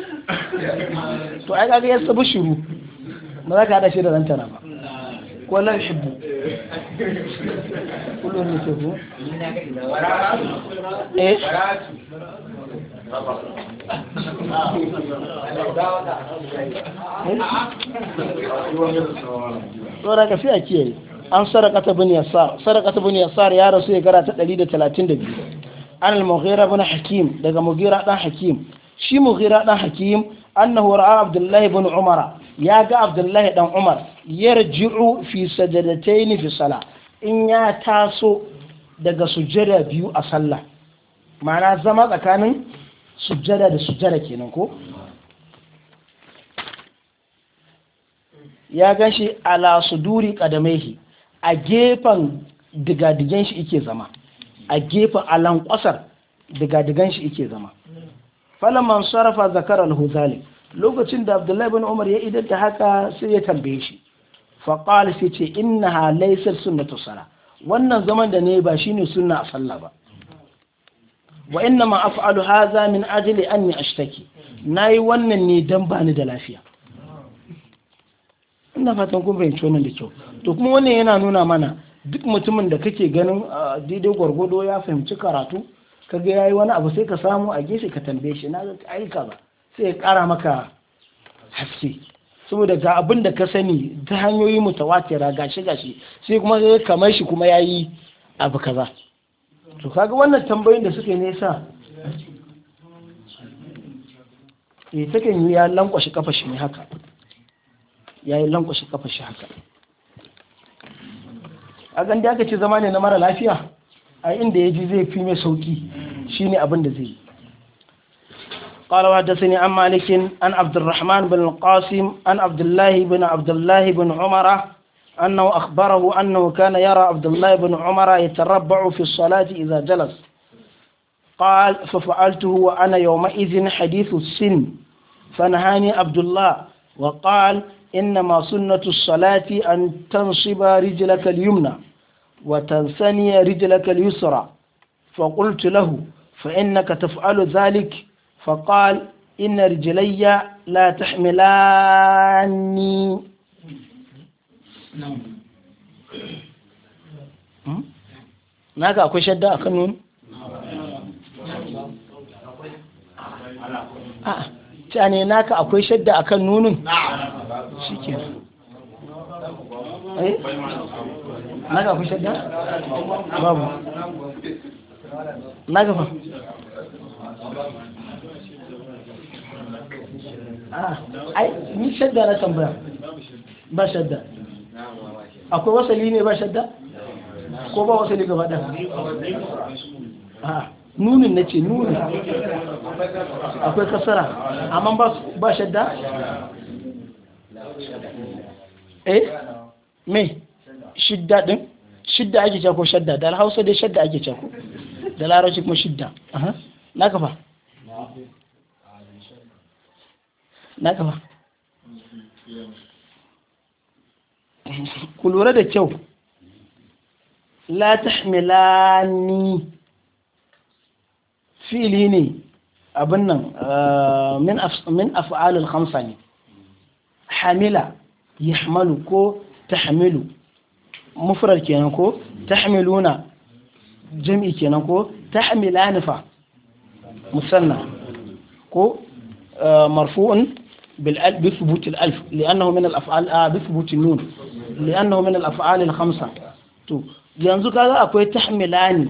to ai kaga yasa sabu shiru ba za ka hada shi da lantana ba ko lan shibbu kullum ne ce ko eh Tsora ka sai a kiyaye. An sarakata bin Yassar, sarakata bin Yassar ya rasu ya gara ta 132. An al-Mughira bin Hakim daga Mughira dan Hakim shi mughira dan hakim annahu ra'a abdullahi ibn umar ya ga abdullahi dan umar yarji'u fi sajadataini fi sala in ya taso daga sujada biyu a sallah ma'ana zama tsakanin sujjada da sujada kenan ko ya gashi ala suduri kadamaihi a gefen digadigan shi ike zama a gefen alan kwasar digadigan shi ike zama falaman sarrafa zakar al-huzali lokacin da abdullahi bin umar ya idar da haka sai ya tambaye shi faƙal sai ce inna ha laisar sunnatu wannan zaman da ne ba shine suna a sallah ba wa inna ma af'alu hadha min ajli anni ashtaki nayi wannan ne dan ni da lafiya ina fatan kun fahimci wannan da kyau to kuma wannan yana nuna mana duk mutumin da kake ganin daidai gwargwado ya fahimci karatu ka ga yayi wani abu sai ka samu a gefe ka tambaye shi na ga aika ba sai ya kara maka haske saboda ga abin da ka sani ta hanyoyi mutawatira gashi gashi sai kuma kamar shi kuma yayi abu kaza to kaga wannan tambayoyin da suke nesa eh take yi ya lankwashe kafa shi ne haka ya yi kafa shi haka a ganda aka ce zama ne na mara lafiya a inda ya ji zai fi mai sauƙi shi ne abinda zai ƙalawa da sani an malikin an abdullrahman bin al-qasim an abdullahi bin abdullahi bin umara an nau akbarahu an nau kana yara abdullahi bin umara ya tarabba fi salati iza jalas قال ففعلته وأنا يومئذ حديث السن فنهاني عبد الله وقال إنما سنة الصلاة أن تنصب رجلك اليمنى وتنسني رجلك اليسرى فقلت له فإنك تفعل ذلك فقال إن رجلي لا تحملاني naka akwai shadda a kan nuni? a ta ne naka akwai shadda a kan shi ke na gafin shadda? babu na gafa ah, ai ni shadda na tambaya ba shadda akwai wasali ne ba shadda ko ba wasali gaba ɗan ah, nunin na ce nunin akwai kasara amma ba shadda eh me shidda din shidda ake cewa ko shadda da hausa dai shadda ake cewa da larabci kuma shidda na kafa na kafa ku lura da kyau la tahmilani fili ne abin nan ah, min af'alul khamsa ne hamila yahmalu ko tahmilu mufrad kenan ko tahmiluna jam'i kenan ko tahmilani fa musanna ko marfu'un بثبوت الألف لأنه من الأفعال آه بثبوت النون لأنه من الأفعال الخمسة تو ينزو كذا أكوي تحملان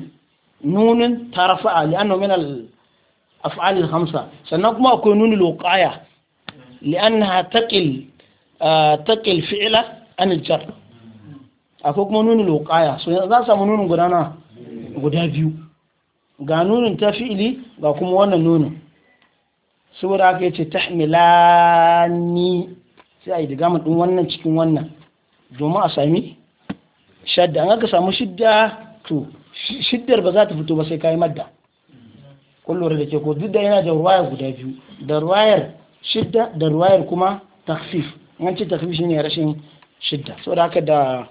نون ترفع لأنه من الأفعال الخمسة سنقوم أكوي نون الوقاية لأنها تقل آه، تقل فعلة عن الجر akwai kuma nunin lokaya so za a samu nunin gudana guda biyu ga nunin ta fi'ili ga kuma wannan nunin saboda aka yace tahmilani sai a yi diga din wannan cikin wannan domin a sami shadda an aka samu shidda to shiddar ba za ta fito ba sai kayi madda kullum da ke ko duk da yana da ruwayar guda biyu da ruwayar shidda da ruwayar kuma takfif an ce takfif shine rashin shidda saboda haka da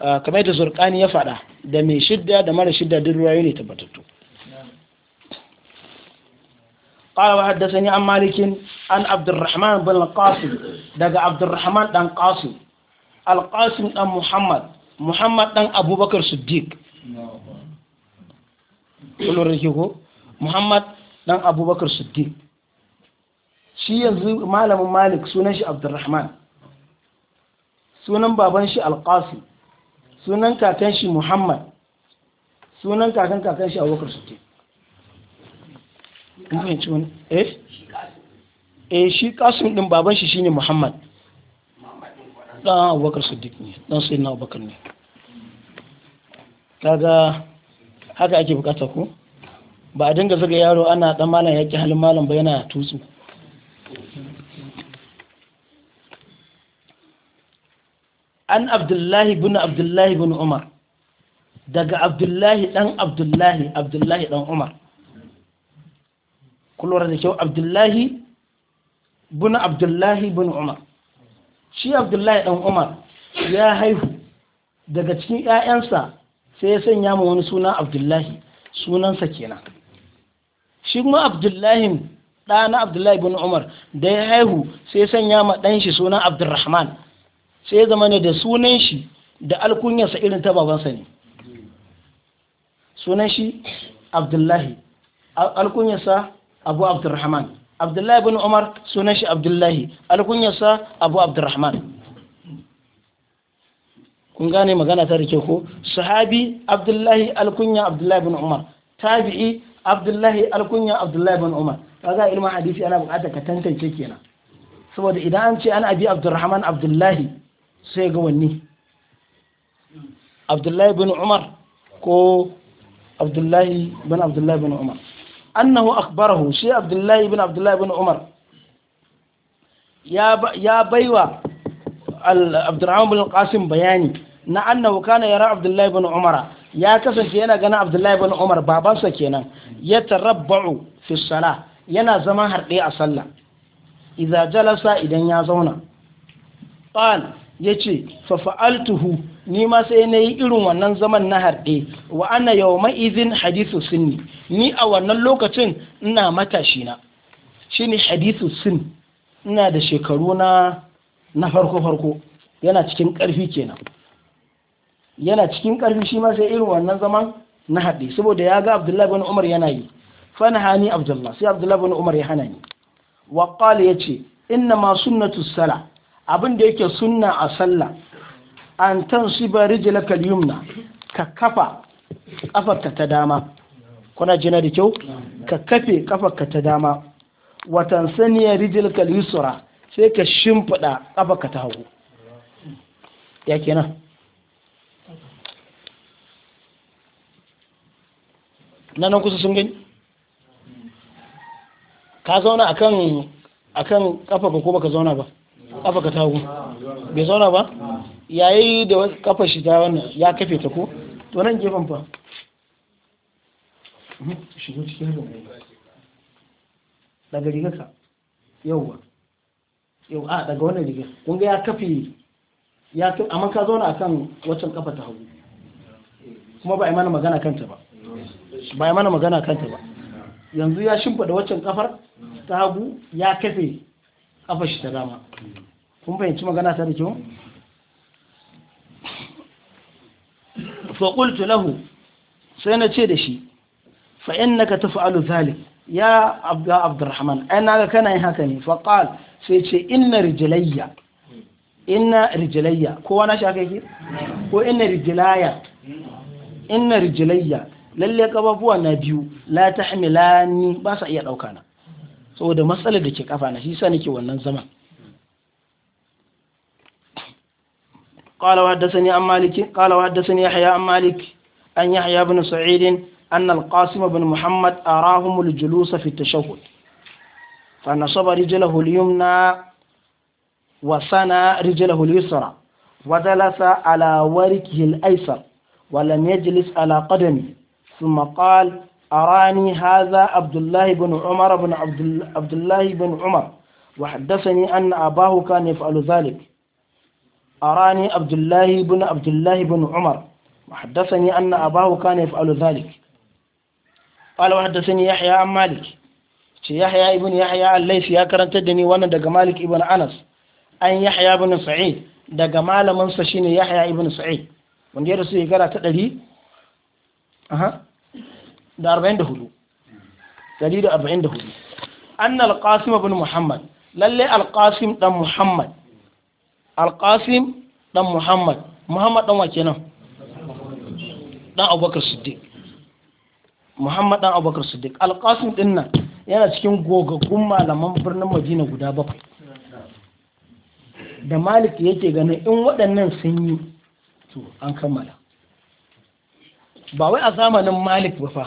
Ah, kamar da zurkani ya faɗa da mai shidda da mara shidda duk ruwayo ne tabbatattu قال وحدثني عن مالك عن عبد الرحمن بن القاسم daga عبد الرحمن بن قاسم القاسم muhammad محمد محمد بن أبو rikiku muhammad dan abubakar siddiq shi yanzu malamin malik sunan shi abdurrahman sunan baban shi alqasi sunan kakan shi muhammad sunan kakan kakan shi abubakar su kun fahimci wani eh, eh shi kasun din baban shi shine muhammad dan abubakar siddiq ne dan sai na abubakar ne kaga haka ake bukata ku ba a dinga zaga yaro ana dan malam yaki halin malam ba yana tutsu an abdullahi bin abdullahi bin umar daga abdullahi dan abdullahi abdullahi dan umar kullura da kyau abdullahi bin abdullahi bin umar shi abdullahi dan umar ya haihu daga cikin 'ya'yansa sai ya sanya mu wani suna abdullahi sunansa kenan shi kuma abdullahi ɗana abdullahi bin umar da ya haihu sai ya sanya ma ɗan shi sunan abdurrahman sai zama ne da sunan shi da alkunyarsa irin ta babansa ne sunan shi abdullahi alkunyarsa abu abdurrahman abdullahi bin umar sunan shi abdullahi alkunyarsa abu abdurrahman kun gane magana ta rike ko sahabi abdullahi alkunya abdullahi bin umar tabi'i abdullahi alkunya abdullahi bin umar kaga ilmin hadisi ana bukatar ka tantance kenan saboda idan an ce an abi abdurrahman abdullahi sai ga wanni abdullahi bin umar ko abdullahi bin abdullahi bin umar annahu akbarahu shi abdullahi bin abdullahi bin umar ya baiwa Abdullahi bin qasim bayani na annahu kana yara abdullahi bin Umar ya kasance yana ganin abdullahi bin umar babansa kenan ya tarabba'u fi sala yana zama harɗe a sallah idza jalasa idan ya zauna qal ya ce fafa'altuhu ni ma sai na yi irin wannan zaman na harɗe wa ana yau ma'izin hadithu sunni ni a wannan lokacin ina matashi na shi ne hadithu sun ina da shekaru na na farko-farko yana cikin ƙarfi kenan yana cikin ƙarfi shi ma sai irin wannan zaman na haɗe saboda ya ga abdullahi bin umar yana yi hani abdullahi sai abdullahi bin umar ya hana ni wa ya ce inna ma sunnatu sala abin da yake sunna a sallah an tansiba rijlaka al-yumna ka kafa kafarka ta dama kuna jina da kyau ka kafe kafarka ta dama wa saniya rijlaka al-yusra sai ka shimfida kafarka ta hagu ya kenan nan nan kusa sun gani ka zauna akan akan kafa ko baka zauna ba kafa ka tagu bai zauna ba yayi da kafa shi ta wannan ya kafe ta ko to nan gefen fa shigo cikin rumbu daga riga ka yauwa yau a daga wannan rigar kun ga ya kafe ya amma ka zauna akan waccan kafa ta hagu kuma ba a yi mana magana kanta ba ba a yi mana magana kanta ba yanzu ya da waccan kafar ta hagu ya kafe kafa shi ta dama kun fahimci magana ta da kyau faƙultu lahu sai na ce da shi fa'in na ka tafi aluzali ya abda abdurrahman ai na ga kana yin haka ne faƙal sai ce inna rijilayya inna rijilayya kowa na sha kai ko inna rijilaya inna rijilayya lalle ƙababuwa na biyu la ta hamilani ba sa iya ɗauka na saboda matsalar da ke kafa na shi sa nake wannan zaman قال وحدثني عن مالك قال وحدثني يحيى عن مالك أن يحيى بن سعيد أن القاسم بن محمد أراهم الجلوس في التشهد فنصب رجله اليمنى وسنى رجله اليسرى وجلس على وركه الأيسر ولم يجلس على قدمه ثم قال أراني هذا عبد الله بن عمر بن عبد الله بن عمر وحدثني أن أباه كان يفعل ذلك أراني عبد الله بن عبد الله بن عمر وحدثني أن أباه كان يفعل ذلك قال وحدثني يحيى عن مالك يحيى ابن يحيى الليثي يا كرنت دني وانا دغ مالك ابن أنس أن يحيى بن سعيد دغ مالمن شيني يحيى ابن سعيد wanda ya rasu shekara ta ɗari aha da arba'in da hudu dari da arba'in da hudu an alƙasim abin muhammad lalle alƙasim ɗan muhammad alƙasim ɗan muhammad muhammad ɗan wake nan ɗan abubakar siddiq muhammad ɗan abubakar siddiq alƙasim ɗin nan yana cikin gogaggun malaman birnin madina guda bakwai da malik yake ganin in waɗannan sun yi to an kammala ba wai a zamanin malik ba fa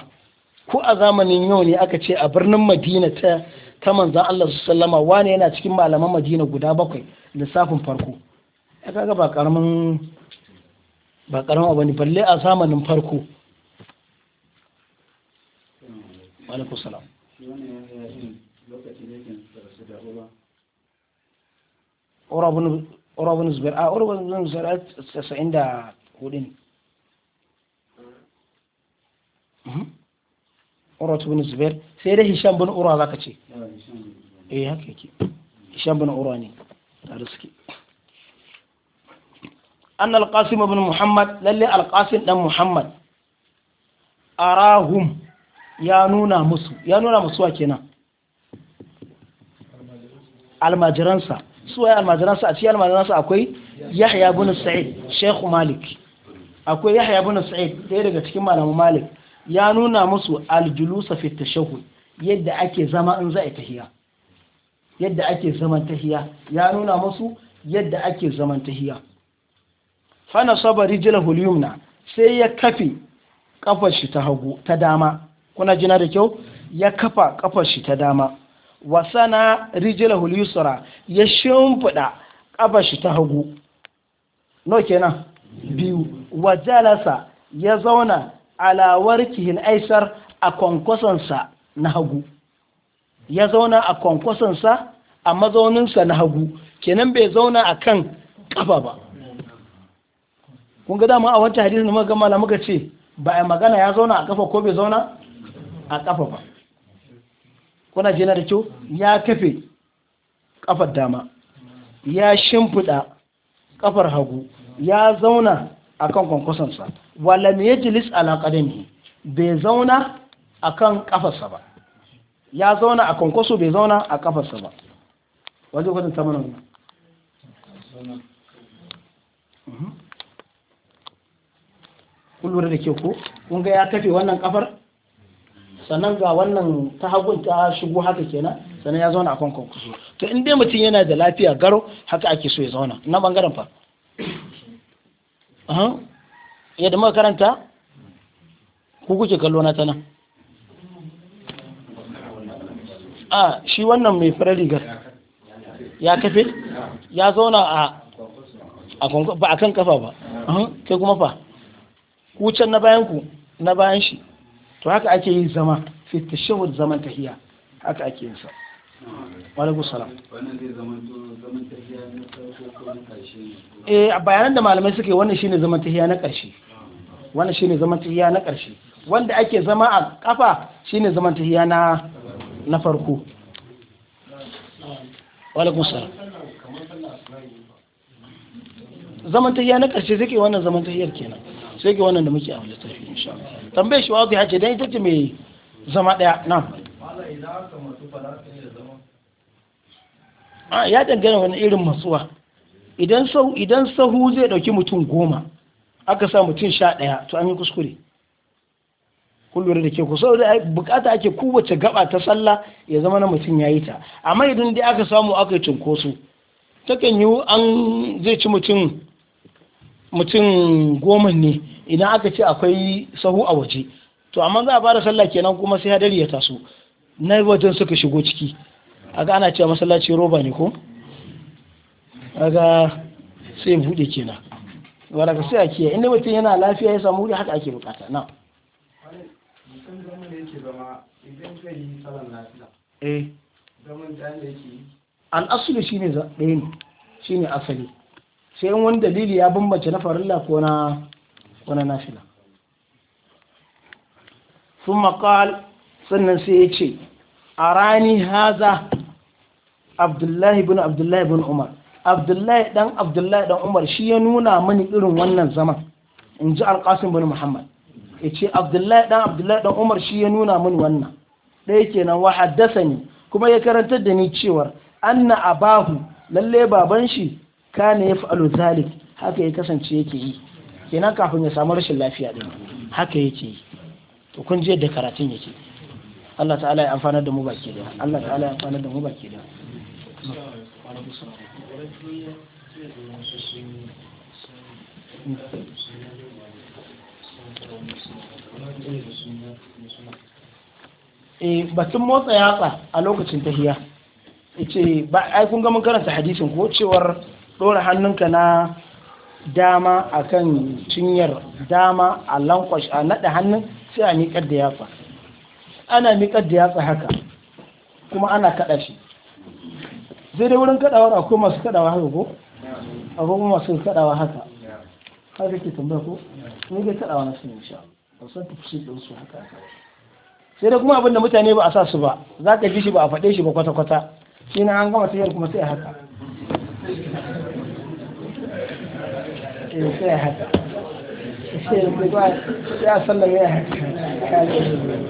ko a zamanin yau ne aka ce a birnin madina ta ta manzan Allah su sallama wane yana cikin malaman madina guda bakwai lissafin farko ya kaga ba karamin ba karamin abu ne balle a zamanin farko alaikum salam Zubair a Zubair a ne. Mhm. urwatu bin zubair sai dai hisham bin urwa zaka ce eh haka yake hisham bin urwa ne tare suke anna al-qasim ibn muhammad lalle al-qasim dan muhammad arahum ya nuna musu ya nuna musu wa kenan almajiransa su waye almajiransa a cikin almajiransa akwai yahya bin sa'id shaykh malik akwai yahya bin sa'id ɗaya daga cikin malamu malik ya nuna musu aljulusa fi tashahhud yadda ake zama in za a tahiya yadda ake zaman tahiya ya nuna musu yadda ake zaman tahiya fa saba rijlahu al-yumna sai ya kafi kafar shi ta hagu ta dama kuna jina da kyau ya kafa kafar shi ta dama wa sana rijlahu al-yusra ya shimfida kafar shi ta hagu no kenan biyu wa jalasa ya zauna ala warkihin aisar a kwankwasonsa na hagu ya zauna a kwankwasonsa a mazauninsa na hagu kenan bai zauna a kan kafa ba kun ga dama a wancan hadisin da muka gama muka ce ba a magana ya zauna a kafa ko bai zauna a kafa ba kuna jina da kyau ya kafe kafar dama ya shimfiɗa kafar hagu ya zauna akan kwankwasansa walam yajlis ala qadamihi bai zauna akan kafarsa ba ya zauna a kwankwaso bai zauna a kafarsa ba wajen kwatin ta mana mhm. kun da ke ko ƙunga ga ya kafe wannan kafar sannan ga wannan ta hagun ta shigo haka kenan sannan ya zauna a kan kwankwaso to in dai mutum yana da lafiya garo haka ake so ya zauna na bangaren fa yadda muka karanta ku kuke kallo na ta nan a shi wannan mai fara rigar ya kafe ya zauna a ba a kan kafa ba kai kuma fa can na bayan ku na bayan shi to haka ake yin zama fitashin zaman tahiya haka ake yin sa walaikun salam eh bayanan da malamai suke wannan shine zaman tahiya na ƙarshe wannan shine zaman tahiya na ƙarshe wanda ake zama a kafa shine zaman tahiya na na farko walaikun salam zaman tahiya na ƙarshe suke wannan zaman tahiyar kenan sai ke wannan da muke a wani tafi insha Allah tambayar shi wazi hace dan ita ce mai zama daya na'am a ya dangana wani irin masuwa? idan sahu zai dauki mutum goma aka sa mutum sha ɗaya to an yi kuskure kullum da ke kusa da bukata ake kowace gaba ta sallah ya zama na mutum ya yi ta amma idan dai aka samu aka yi cunkoso takan yi an zai ci mutum mutum goma ne idan aka ce akwai sahu a waje to amma za a fara sallah kenan kuma sai hadari ya taso na wajen suka shigo ciki aga ana cewa masallaci roba ne ko aga sai bude kenan wala ka sai a kiyaye inda mutum yana lafiya ya samu wuri haka ake bukata na eh. an asali shine ɗaya ne shine asali sai wani dalili ya bambance na farilla ko na nashila ثم قال sannan sai ya ce a rani haza abdullahi bin abdullahi bin umar abdullahi dan abdullahi dan umar shi ya nuna mani irin wannan zaman in ji alƙasin bin muhammad ya ce abdullahi dan abdullahi dan umar shi ya nuna mani wannan ɗaya kenan wa haddasa ni kuma ya karantar da ni cewar anna abahu lalle baban shi kane ya fa'alu zalik haka ya kasance yake yi kenan kafin ya samu rashin lafiya din haka yake yi to kun je da karatun yake Allah ta'ala ya amfana da mu baki da Allah ta'ala ya amfana da mu baki da eh batun motsa yatsa a lokacin tahiya ce ba ai kun ga mun karanta hadisin ko cewar dora hannunka na dama akan cinyar dama a lankwash a nada hannun sai a miƙar da yatsa ana miƙar da yatsa haka kuma ana kaɗa shi sai dai wurin kaɗawar akwai masu kaɗawa haka ko akwai kuma masu kaɗawa haka har da ke tambaya ko ne dai kaɗawa na sun insha ba tafi shi ɗin su haka sai dai kuma abinda mutane ba a sa su ba za ka ji shi ba a faɗe shi ba kwata-kwata shi na an gama tafiyar kuma sai eh, haka sai haka sai ya sallama ya haka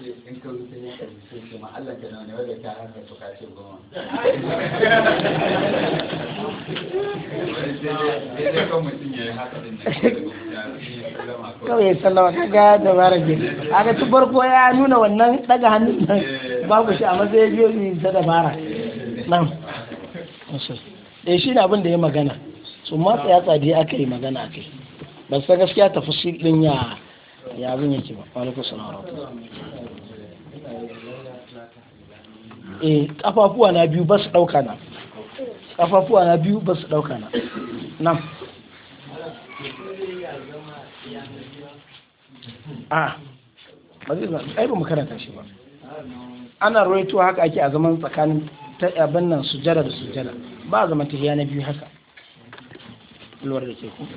in ka ya ka shi ma Allah ka nuna wadda haka ka ce goma kawai sallama ta ga bara ke ga tun farko ya nuna wannan daga hannun nan eh. babu shi a matsayin ne ta dabara nan eh shi ne abin da ya magana su matsa ya tsadi aka yi magana aka yi ban san gaskiya tafi shi ɗin ya ya abin yake ba alaikun rautu e eh, kafafuwa na biyu ba su dauka na kafafuwa na biyu ba su dauka na nan a ba zai zama ai ba mu karanta shi ba ana roito haka ake a zaman tsakanin ta abin nan sujjada da sujjada ba a zaman tafiya na biyu haka lura da ke kuma